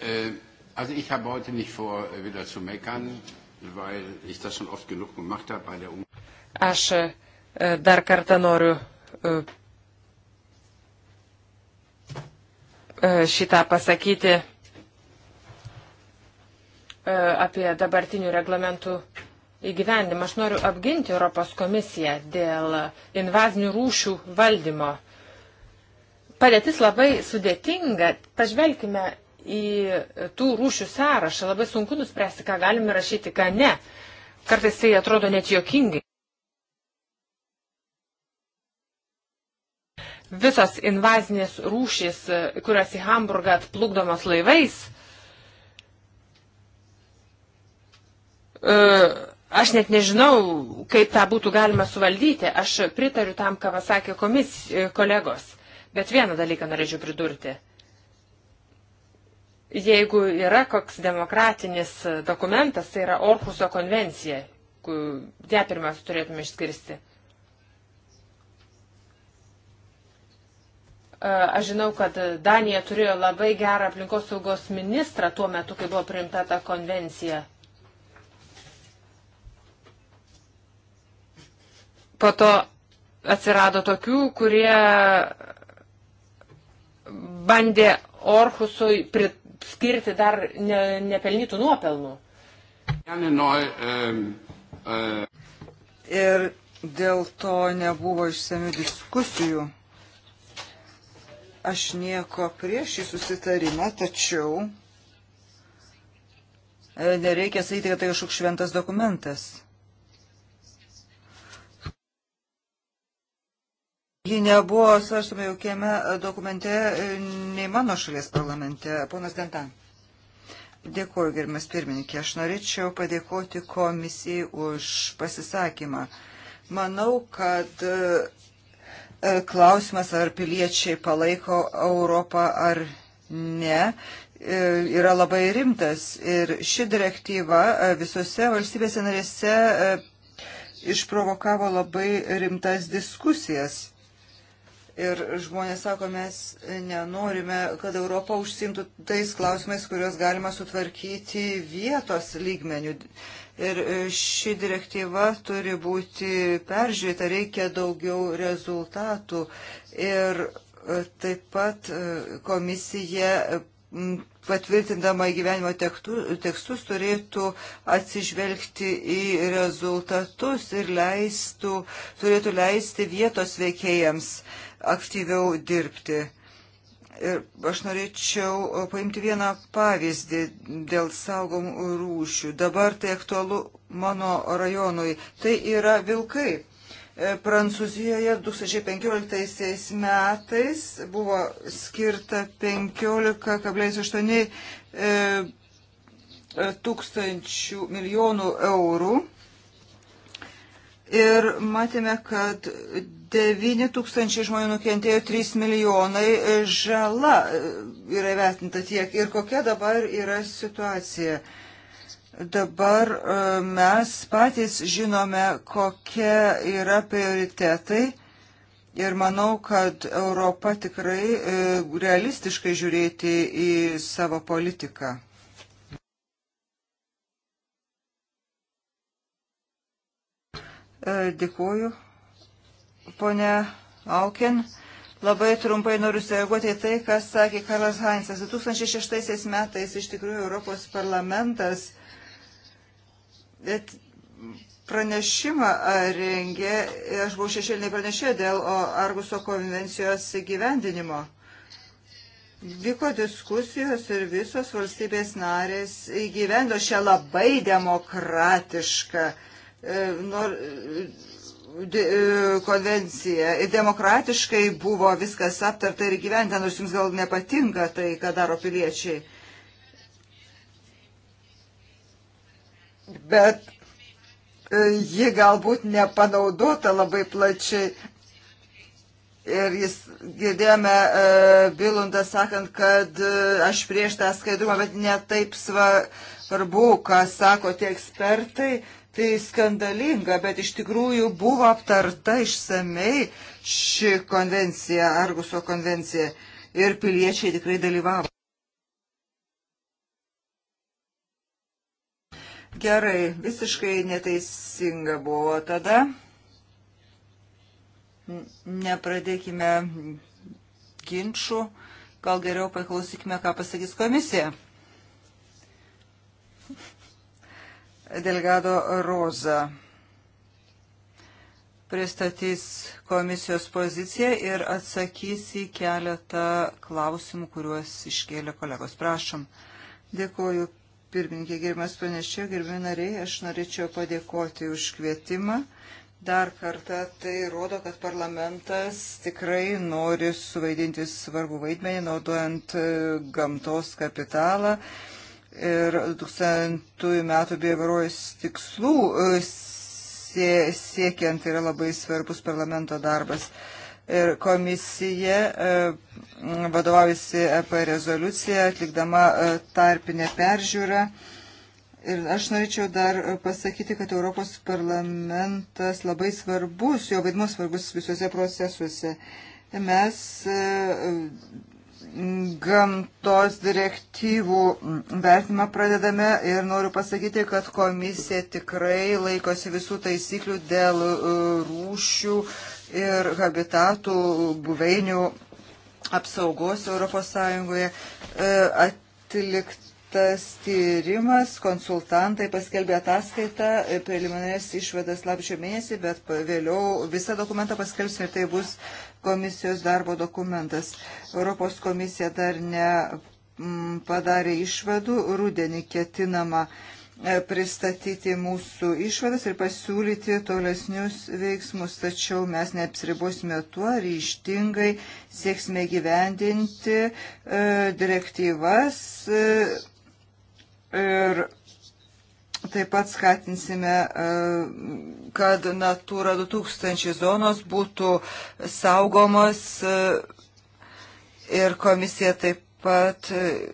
Äh, also ich habe heute nicht vor, äh, wieder zu meckern, weil ich das schon oft genug gemacht habe bei der Um. Aš äh, dar kartą noriu E, šitą pasakyti e, apie dabartinių reglamentų įgyvendimą. Aš noriu apginti Europos komisiją dėl invazinių rūšių valdymo. Padėtis labai sudėtinga. Pažvelkime į tų rūšių sąrašą. Labai sunku nuspręsti, ką galime rašyti, ką ne. Kartais tai atrodo net jokingai. visos invazinės rūšys, kurios į Hamburgą atplukdomos laivais, e, aš net nežinau, kaip tą būtų galima suvaldyti. Aš pritariu tam, ką pasakė komis, e, kolegos. Bet vieną dalyką norėčiau pridurti. Jeigu yra koks demokratinis dokumentas, tai yra Orkuso konvencija. Ją pirmiausia turėtume išskirsti. Aš žinau, kad Danija turėjo labai gerą aplinkos saugos ministrą tuo metu, kai buvo priimta ta konvencija. Po to atsirado tokių, kurie bandė Orhusui priskirti dar ne, nepelnytų nuopelnų. E, e. Ir dėl to nebuvo išsamių diskusijų. Aš nieko prieš šį susitarimą, tačiau e, nereikia sakyti, kad tai kažkoks šventas dokumentas. Ji nebuvo svarstoma jokiame dokumente, e, nei mano šalies parlamente. Ponas Dantan. Dėkuoju, gerbimas pirmininkė. Aš norėčiau padėkoti komisijai už pasisakymą. Manau, kad e, E, klausimas, ar piliečiai palaiko Europą ar ne, e, yra labai rimtas. Ir ši direktyva e, visose valstybėse narėse išprovokavo labai rimtas diskusijas. Ir žmonės sako, mes nenorime, kad Europa užsimtų tais klausimais, kuriuos galima sutvarkyti vietos lygmenių. Ir e, ši direktyva turi būti peržiūrėta, reikia daugiau rezultatų. Ir e, taip pat e, komisija patvirtindama įgyvenimo tekstus turėtų atsižvelgti į rezultatus ir leistų, turėtų leisti vietos veikėjams aktyviau dirbti. Ir aš norėčiau e, paimti vieną pavyzdį dėl saugomų rūšių. Dabar tai aktualu mano rajonui. Tai yra vilkai. E, Prancūzijoje 2015 metais buvo skirta 15,8 e, tūkstančių milijonų eurų. Ir matėme, kad 9 tūkstančiai žmonių nukentėjo, 3 milijonai e, žala e, yra vertinta tiek. Ir kokia dabar yra situacija? Dabar e, mes patys žinome, kokie yra prioritetai. Ir manau, kad Europa tikrai realistiškai žiūrėti į savo politiką. Dėkuoju. Pone Auken, labai trumpai noriu sureaguoti į tai, kas sakė Karlas Heinzas. 2006 metais iš tikrųjų Europos parlamentas pranešimą rengė, aš buvau šešėlinė pranešė dėl Arguso konvencijos gyvendinimo. Vyko diskusijos ir visos valstybės narės įgyvendo šią labai demokratišką e, nor, E, konvencija ir demokratiškai buvo viskas aptarta ir gyventa, nors jums gal nepatinka tai, ką daro piliečiai. Bet e, ji galbūt nepanaudota labai plačiai. Ir jis girdėjome uh, Bilundą sakant, kad uh, aš prieš tą skaidrumą, bet netaip svarbu, ką sako tie ekspertai. Uh, Tai skandalinga, bet iš tikrųjų buvo aptarta išsamei ši konvencija, Arguso konvencija, ir piliečiai tikrai dalyvavo. Gerai, visiškai neteisinga buvo tada. Nepradėkime ginčių, gal geriau paklausykime, ką pasakys komisija. Delgado Roza pristatys komisijos poziciją ir atsakys į keletą klausimų, kuriuos iškėlė kolegos. Prašom. Dėkuoju pirmininkė, gerbiamas panešė, gerbiami nariai, aš norėčiau padėkoti už kvietimą. Dar kartą tai rodo, kad parlamentas tikrai nori suvaidinti svarbų vaidmenį, naudojant e, gamtos kapitalą. Uh, ir 2000 metų biovarojus tikslų e, siekiant yra labai svarbus parlamento darbas. Ir komisija e, vadovaujasi EP rezoliuciją, atlikdama e, tarpinę peržiūrą. Ir aš norėčiau dar pasakyti, kad Europos parlamentas labai svarbus, jo vaidmo svarbus visuose procesuose. Mes gamtos direktyvų vertinimą pradedame ir noriu pasakyti, kad komisija tikrai laikosi visų taisyklių dėl e, rūšių ir habitatų buveinių apsaugos Europos Sąjungoje. E, atlikt atliktas tyrimas, konsultantai paskelbė ataskaitą, preliminarės išvadas lapčio mėnesį, bet vėliau visą dokumentą paskelbsime ir tai bus komisijos darbo dokumentas. Europos komisija dar ne mm, padarė išvadų, rudenį ketinama e, pristatyti mūsų išvadas ir pasiūlyti tolesnius veiksmus, tačiau mes neapsiribosime tuo, ryštingai sieksime gyvendinti e, direktyvas. E, Ir taip pat skatinsime, e, kad Natura 2000 zonos būtų saugomos e, ir komisija taip pat e,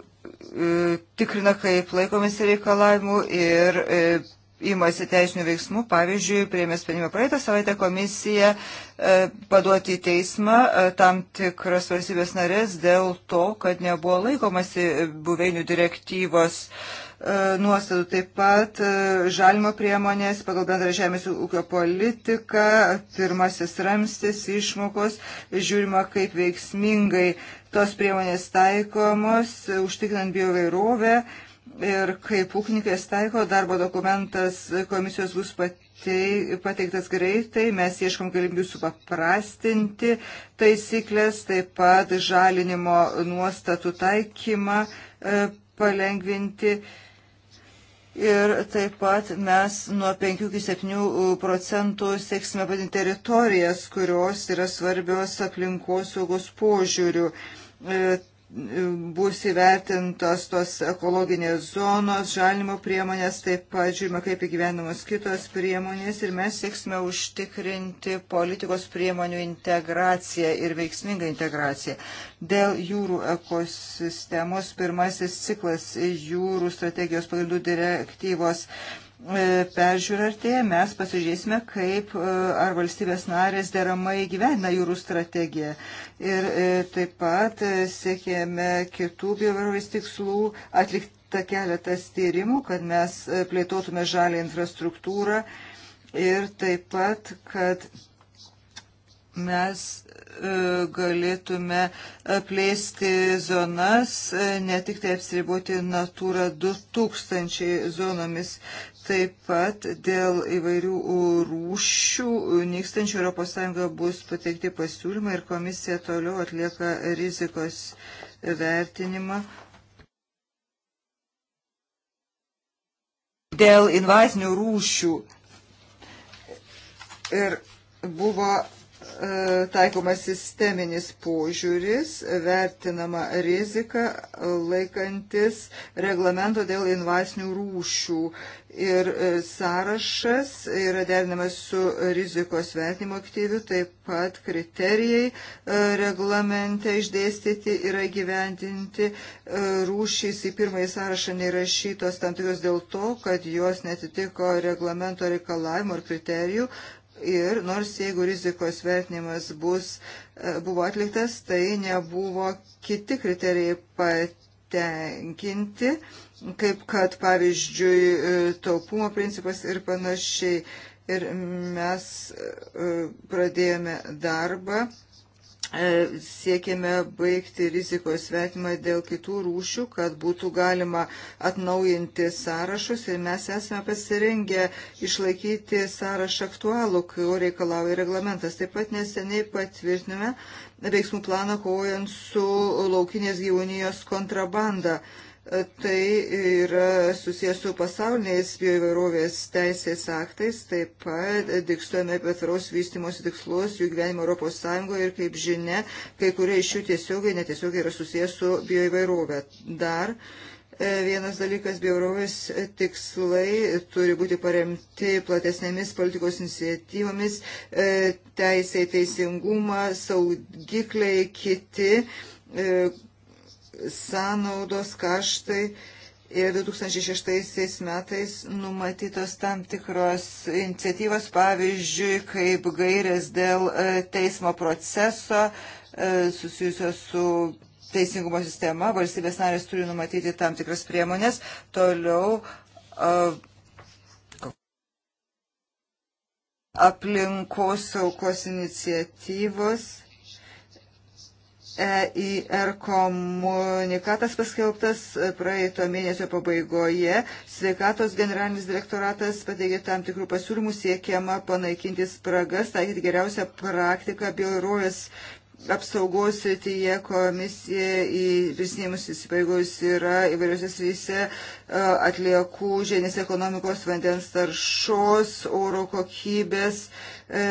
tikrina, kaip laikomisi reikalavimų ir įmasi teisinių veiksmų. Pavyzdžiui, prieimė sprendimą praeitą savaitę komisija paduoti į teismą tam tikras valstybės narės dėl to, kad nebuvo laikomasi buveinių direktyvos uh, E, nuostatų. Taip pat e, žalimo priemonės pagal bendrą žemės ūkio politiką, pirmasis ramstis, išmokos, žiūrima, kaip veiksmingai tos priemonės taikomos, užtikrinant biovairovę ir kaip ūkininkas taiko, darbo dokumentas komisijos bus pateiktas greitai, mes ieškom galimybių supaprastinti taisyklės, taip pat žalinimo nuostatų taikymą e, palengvinti. E, Ir taip pat mes nuo 5 iki 7 e, procentų sieksime padinti teritorijas, kurios yra svarbios aplinkosaugos požiūrių. E, bus įvertintos tos ekologinės zonos, žalimo priemonės, taip pat žiūrime, kaip įgyvenamos kitos priemonės ir mes sieksime užtikrinti politikos priemonių integraciją ir veiksmingą integraciją. Dėl jūrų ekosistemos pirmasis ciklas jūrų strategijos pagrindų direktyvos E, peržiūra artėja, mes pasižiūrėsime, kaip e, ar valstybės narės deramai gyvena jūrų strategiją. Ir e, taip pat siekėme kitų bioverovės tikslų, atlikta keletas tyrimų, kad mes plėtotume žalį infrastruktūrą ir taip pat, kad mes galėtume plėsti zonas, ne tik tai apsiriboti Natūra 2000 zonomis. Taip pat dėl įvairių rūšių nykstančių ES bus pateikti pasiūlymai ir komisija toliau atlieka rizikos vertinimą. Dėl invazinių rūšių ir buvo E, taikomas sisteminis požiūris, vertinama rizika laikantis reglamento dėl invasinių rūšių. Ir e, sąrašas yra derinamas su rizikos vertinimo aktyviu, taip pat kriterijai e, reglamente išdėstyti yra gyventinti. Rūšys į pirmąjį sąrašą neįrašytos tam tikros dėl to, kad jos netitiko reglamento reikalavimo ar kriterijų Ir nors jeigu rizikos vertinimas bus, e, buvo atliktas, tai nebuvo kiti kriterijai patenkinti, kaip kad pavyzdžiui e, taupumo principas ir panašiai. Ir mes e, pradėjome darbą E, siekėme baigti rizikos svetimą dėl kitų rūšių, kad būtų galima atnaujinti sąrašus ir mes esame pasirengę išlaikyti sąrašą aktualų, kurio reikalauja reglamentas. Taip pat neseniai patvirtiname veiksmų planą kovojant su laukinės gyvūnijos kontrabanda. Tai yra susijęs su pasauliniais bioįvairovės teisės aktais, taip pat dikstuojame apie tvaraus vystimosi tikslus, jų gyvenimo Europos Sąjungoje ir, kaip žinia, kai kurie iš jų tiesiogiai, netiesiogiai yra susijęs su bioįvairovė. Dar e, Vienas dalykas, bjaurovės tikslai turi būti paremti platesnėmis politikos iniciatyvomis, e, teisė į teisingumą, saugikliai, kiti e, sąnaudos, kaštai ir 2006 metais numatytos tam tikros iniciatyvos, pavyzdžiui, kaip gairės dėl e, teismo proceso e, susijusios su teisingumo sistema, valstybės narės turi numatyti tam tikras priemonės, toliau e, aplinkos saukos iniciatyvos EIR komunikatas paskelbtas e, praeito mėnesio pabaigoje. Sveikatos generalinis direktoratas pateikė tam tikrų pasiūlymų siekiama panaikinti spragas, taikyti geriausią praktiką biurojus apsaugos srityje komisija į prisinėjimus įsipareigojus yra įvairiose srityse e, atliekų žemės ekonomikos vandens taršos, oro kokybės. E,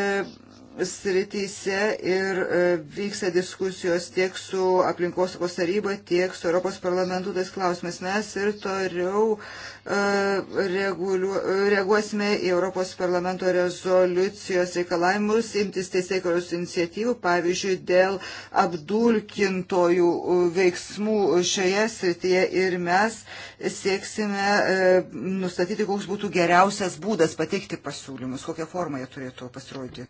srityse ir e, vyksta diskusijos tiek su aplinkosaugos taryba, tiek su Europos parlamentu tais klausimais. Mes ir toliau e, reguliu, reaguosime į Europos parlamento rezoliucijos reikalavimus, imtis teisėkaros iniciatyvų, pavyzdžiui, dėl apdulkintojų e, veiksmų šioje srityje ir mes sieksime nustatyti, koks būtų geriausias būdas pateikti pasiūlymus, kokią formą jie turėtų pasirodyti.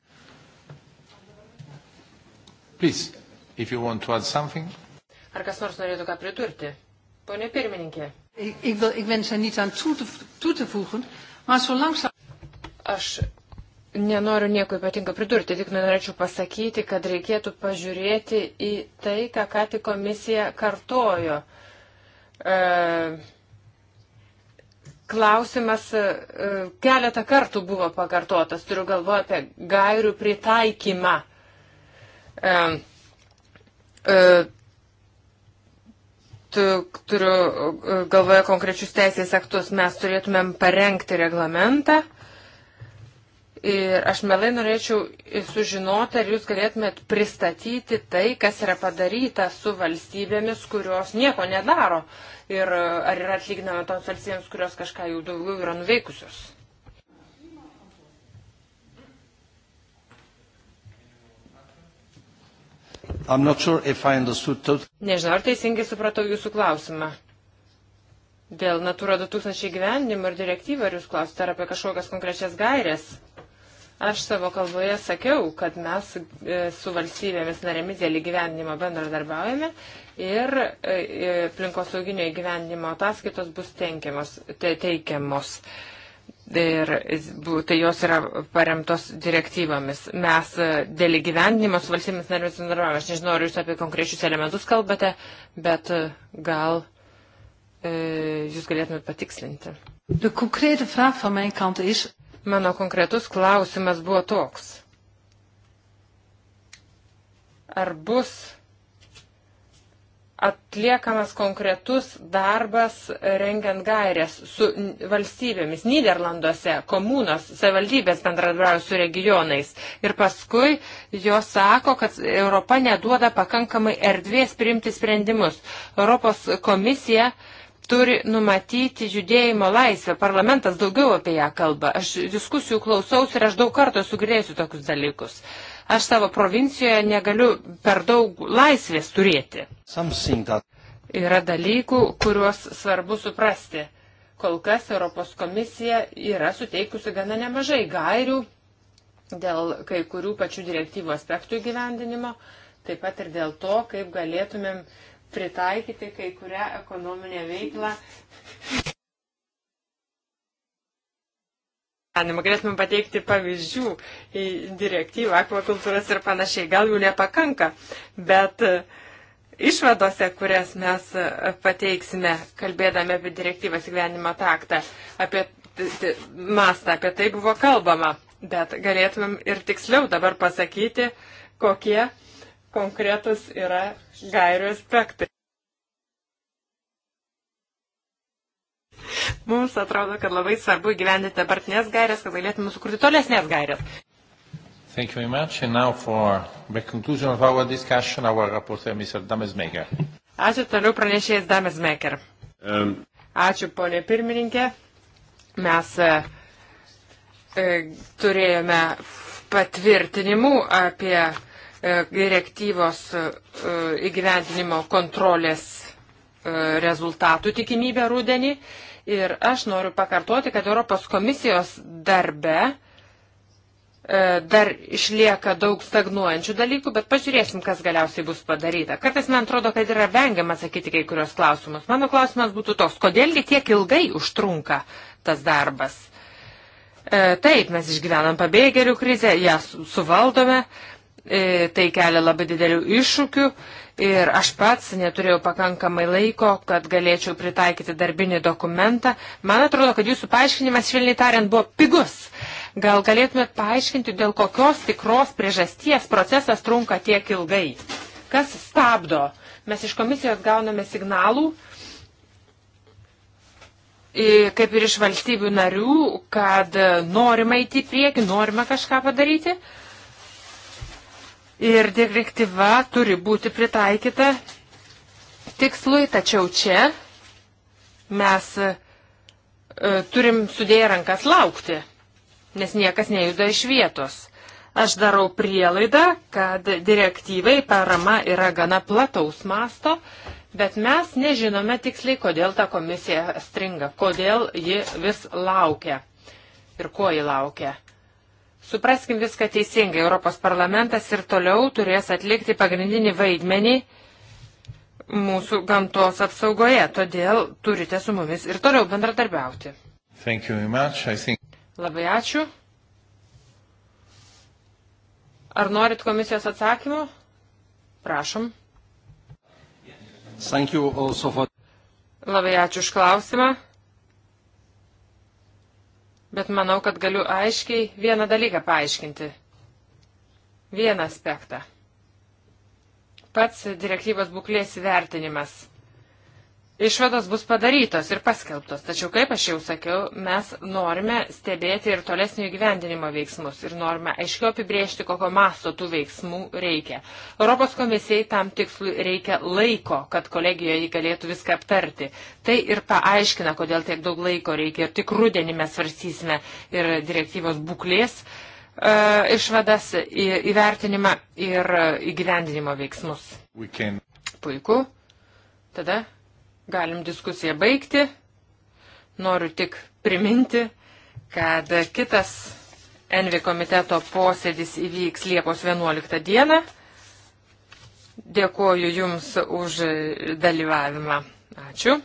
Please, if you want to add something. Ar kas nors norėtų ką pridurti? Pone pirmininkė. Ik, wil, ik wens er niet aan toe te, toe te voegen, maar zolang ze... Aš nenoriu nieko ypatingo pridurti, tik norėčiau pasakyti, kad reikėtų pažiūrėti į tai, ką ką tik komisija kartojo. E, klausimas e, keletą kartų buvo pakartotas, turiu galvoje apie gairių pritaikymą. E, E, e, turiu galvoje konkrečius teisės aktus, mes turėtumėm parengti reglamentą. Ir aš melai norėčiau sužinoti, ar jūs galėtumėt pristatyti tai, kas yra padaryta su valstybėmis, kurios nieko nedaro. Ir e, ar yra atlyginama toms valstybėms, kurios kažką jau daugiau yra nuveikusios. Sure Nežinau, ar teisingai supratau jūsų klausimą. Dėl Natura 2000 gyvenimo ir direktyvą, ar jūs klausite ar apie kažkokias konkrečias gairias? Aš savo kalboje sakiau, kad mes e, su valstybėmis narėmis dėl įgyvendinimo bendradarbiaujame ir e, e, aplinkosauginio įgyvendinimo ataskaitos bus tenkiamos, te, teikiamos. Te, Ir tai jos yra paremtos direktyvomis. Mes e, dėl įgyvendinimo su valstybėmis narėmis bendraujame. Aš nežinau, ar jūs apie konkrečius elementus kalbate, bet e, gal e, jūs galėtumėt patikslinti. Mano konkretus klausimas buvo toks. Ar bus atliekamas konkretus darbas rengiant gairias su valstybėmis. Niderlanduose komunos savivaldybės bendradarbiauja su regionais ir paskui jos sako, kad Europa neduoda pakankamai erdvės priimti sprendimus. Europos komisija turi numatyti judėjimo laisvę. Parlamentas daugiau apie ją kalba. Aš diskusijų klausaus ir aš daug kartų sugrėsiu tokius dalykus. Uh, Aš savo provincijoje negaliu per daug laisvės turėti. Yra dalykų, kuriuos svarbu suprasti. Kol kas Europos komisija yra suteikusi gana nemažai gairių dėl kai kurių pačių direktyvų aspektų įgyvendinimo, taip pat ir dėl to, kaip galėtumėm pritaikyti kai kurią ekonominę veiklą gyvenimą. Galėtume pateikti pavyzdžių į direktyvą, akvakultūras ir panašiai. Gal jų nepakanka, bet e, išvadose, kurias mes e, pateiksime, kalbėdami apie direktyvas įgyvenimą taktą, apie mastą, apie tai buvo kalbama. Bet galėtumėm ir tiksliau dabar pasakyti, kokie konkretus yra gairių aspektai. Mums atrodo, kad labai svarbu gyvendinti dabartinės gairės, kad galėtume sukurti tolesnės gairės. Thank you very much. And now for the conclusion of our discussion, our rapporteur, Mr. Damesmaker. Ačiū toliau pranešėjas Damesmaker. Um. Ačiū, ponė pirmininkė. Mes e, e, turėjome patvirtinimų apie e, direktyvos e, įgyvendinimo kontrolės e, rezultatų tikimybę rūdienį. E, Ir aš noriu pakartoti, kad Europos komisijos darbe e, dar išlieka daug stagnuojančių dalykų, bet pažiūrėsim, kas galiausiai bus padaryta. Kartais man atrodo, kad yra vengiama atsakyti kai kurios klausimus. Mano klausimas būtų toks, kodėlgi tiek ilgai užtrunka tas darbas? E, taip, mes išgyvenam pabėgėlių krizę, ją suvaldome, E, tai kelia labai didelių iššūkių ir aš pats neturėjau pakankamai laiko, kad galėčiau pritaikyti darbinį dokumentą. Man atrodo, kad jūsų paaiškinimas, švelniai tariant, buvo pigus. Gal galėtumėt paaiškinti, dėl kokios tikros priežasties procesas trunka tiek ilgai? Kas stabdo? Mes iš komisijos gauname signalų, e, kaip ir iš valstybių narių, kad norima įti prieki, norima kažką padaryti. Uh, ir direktyva turi būti pritaikyta tikslui, tačiau čia mes e, turim sudėję rankas laukti, nes niekas nejuda iš vietos. Aš darau prielaidą, kad direktyvai parama yra gana plataus masto, bet mes nežinome tiksliai, kodėl ta komisija stringa, kodėl ji vis laukia ir ko ji laukia. Supraskim viską teisingai, Europos parlamentas ir toliau turės atlikti pagrindinį vaidmenį mūsų gamtos apsaugoje, todėl turite su mumis ir toliau bendradarbiauti. Think... Labai ačiū. Ar norit komisijos atsakymų? Prašom. For... Labai ačiū už klausimą bet manau, kad galiu aiškiai vieną dalyką paaiškinti. Vieną aspektą. Pats direktyvos būklės vertinimas išvados bus padarytos ir paskelbtos. Tačiau, kaip aš jau sakiau, mes norime stebėti ir tolesnio įgyvendinimo veiksmus ir norime aiškiau apibriežti, kokio masto tų veiksmų reikia. Europos komisijai tam tikslui reikia laiko, kad kolegijoje jį galėtų viską aptarti. Tai ir paaiškina, kodėl tiek daug laiko reikia. Ir tik rudenį mes svarstysime ir direktyvos būklės e, išvadas į, įvertinimą ir e, įgyvendinimo veiksmus. Puiku. Tada Galim diskusiją baigti. Noriu tik priminti, kad kitas Envi komiteto posėdis įvyks Liepos 11 dieną. Dėkuoju Jums už dalyvavimą. Ačiū.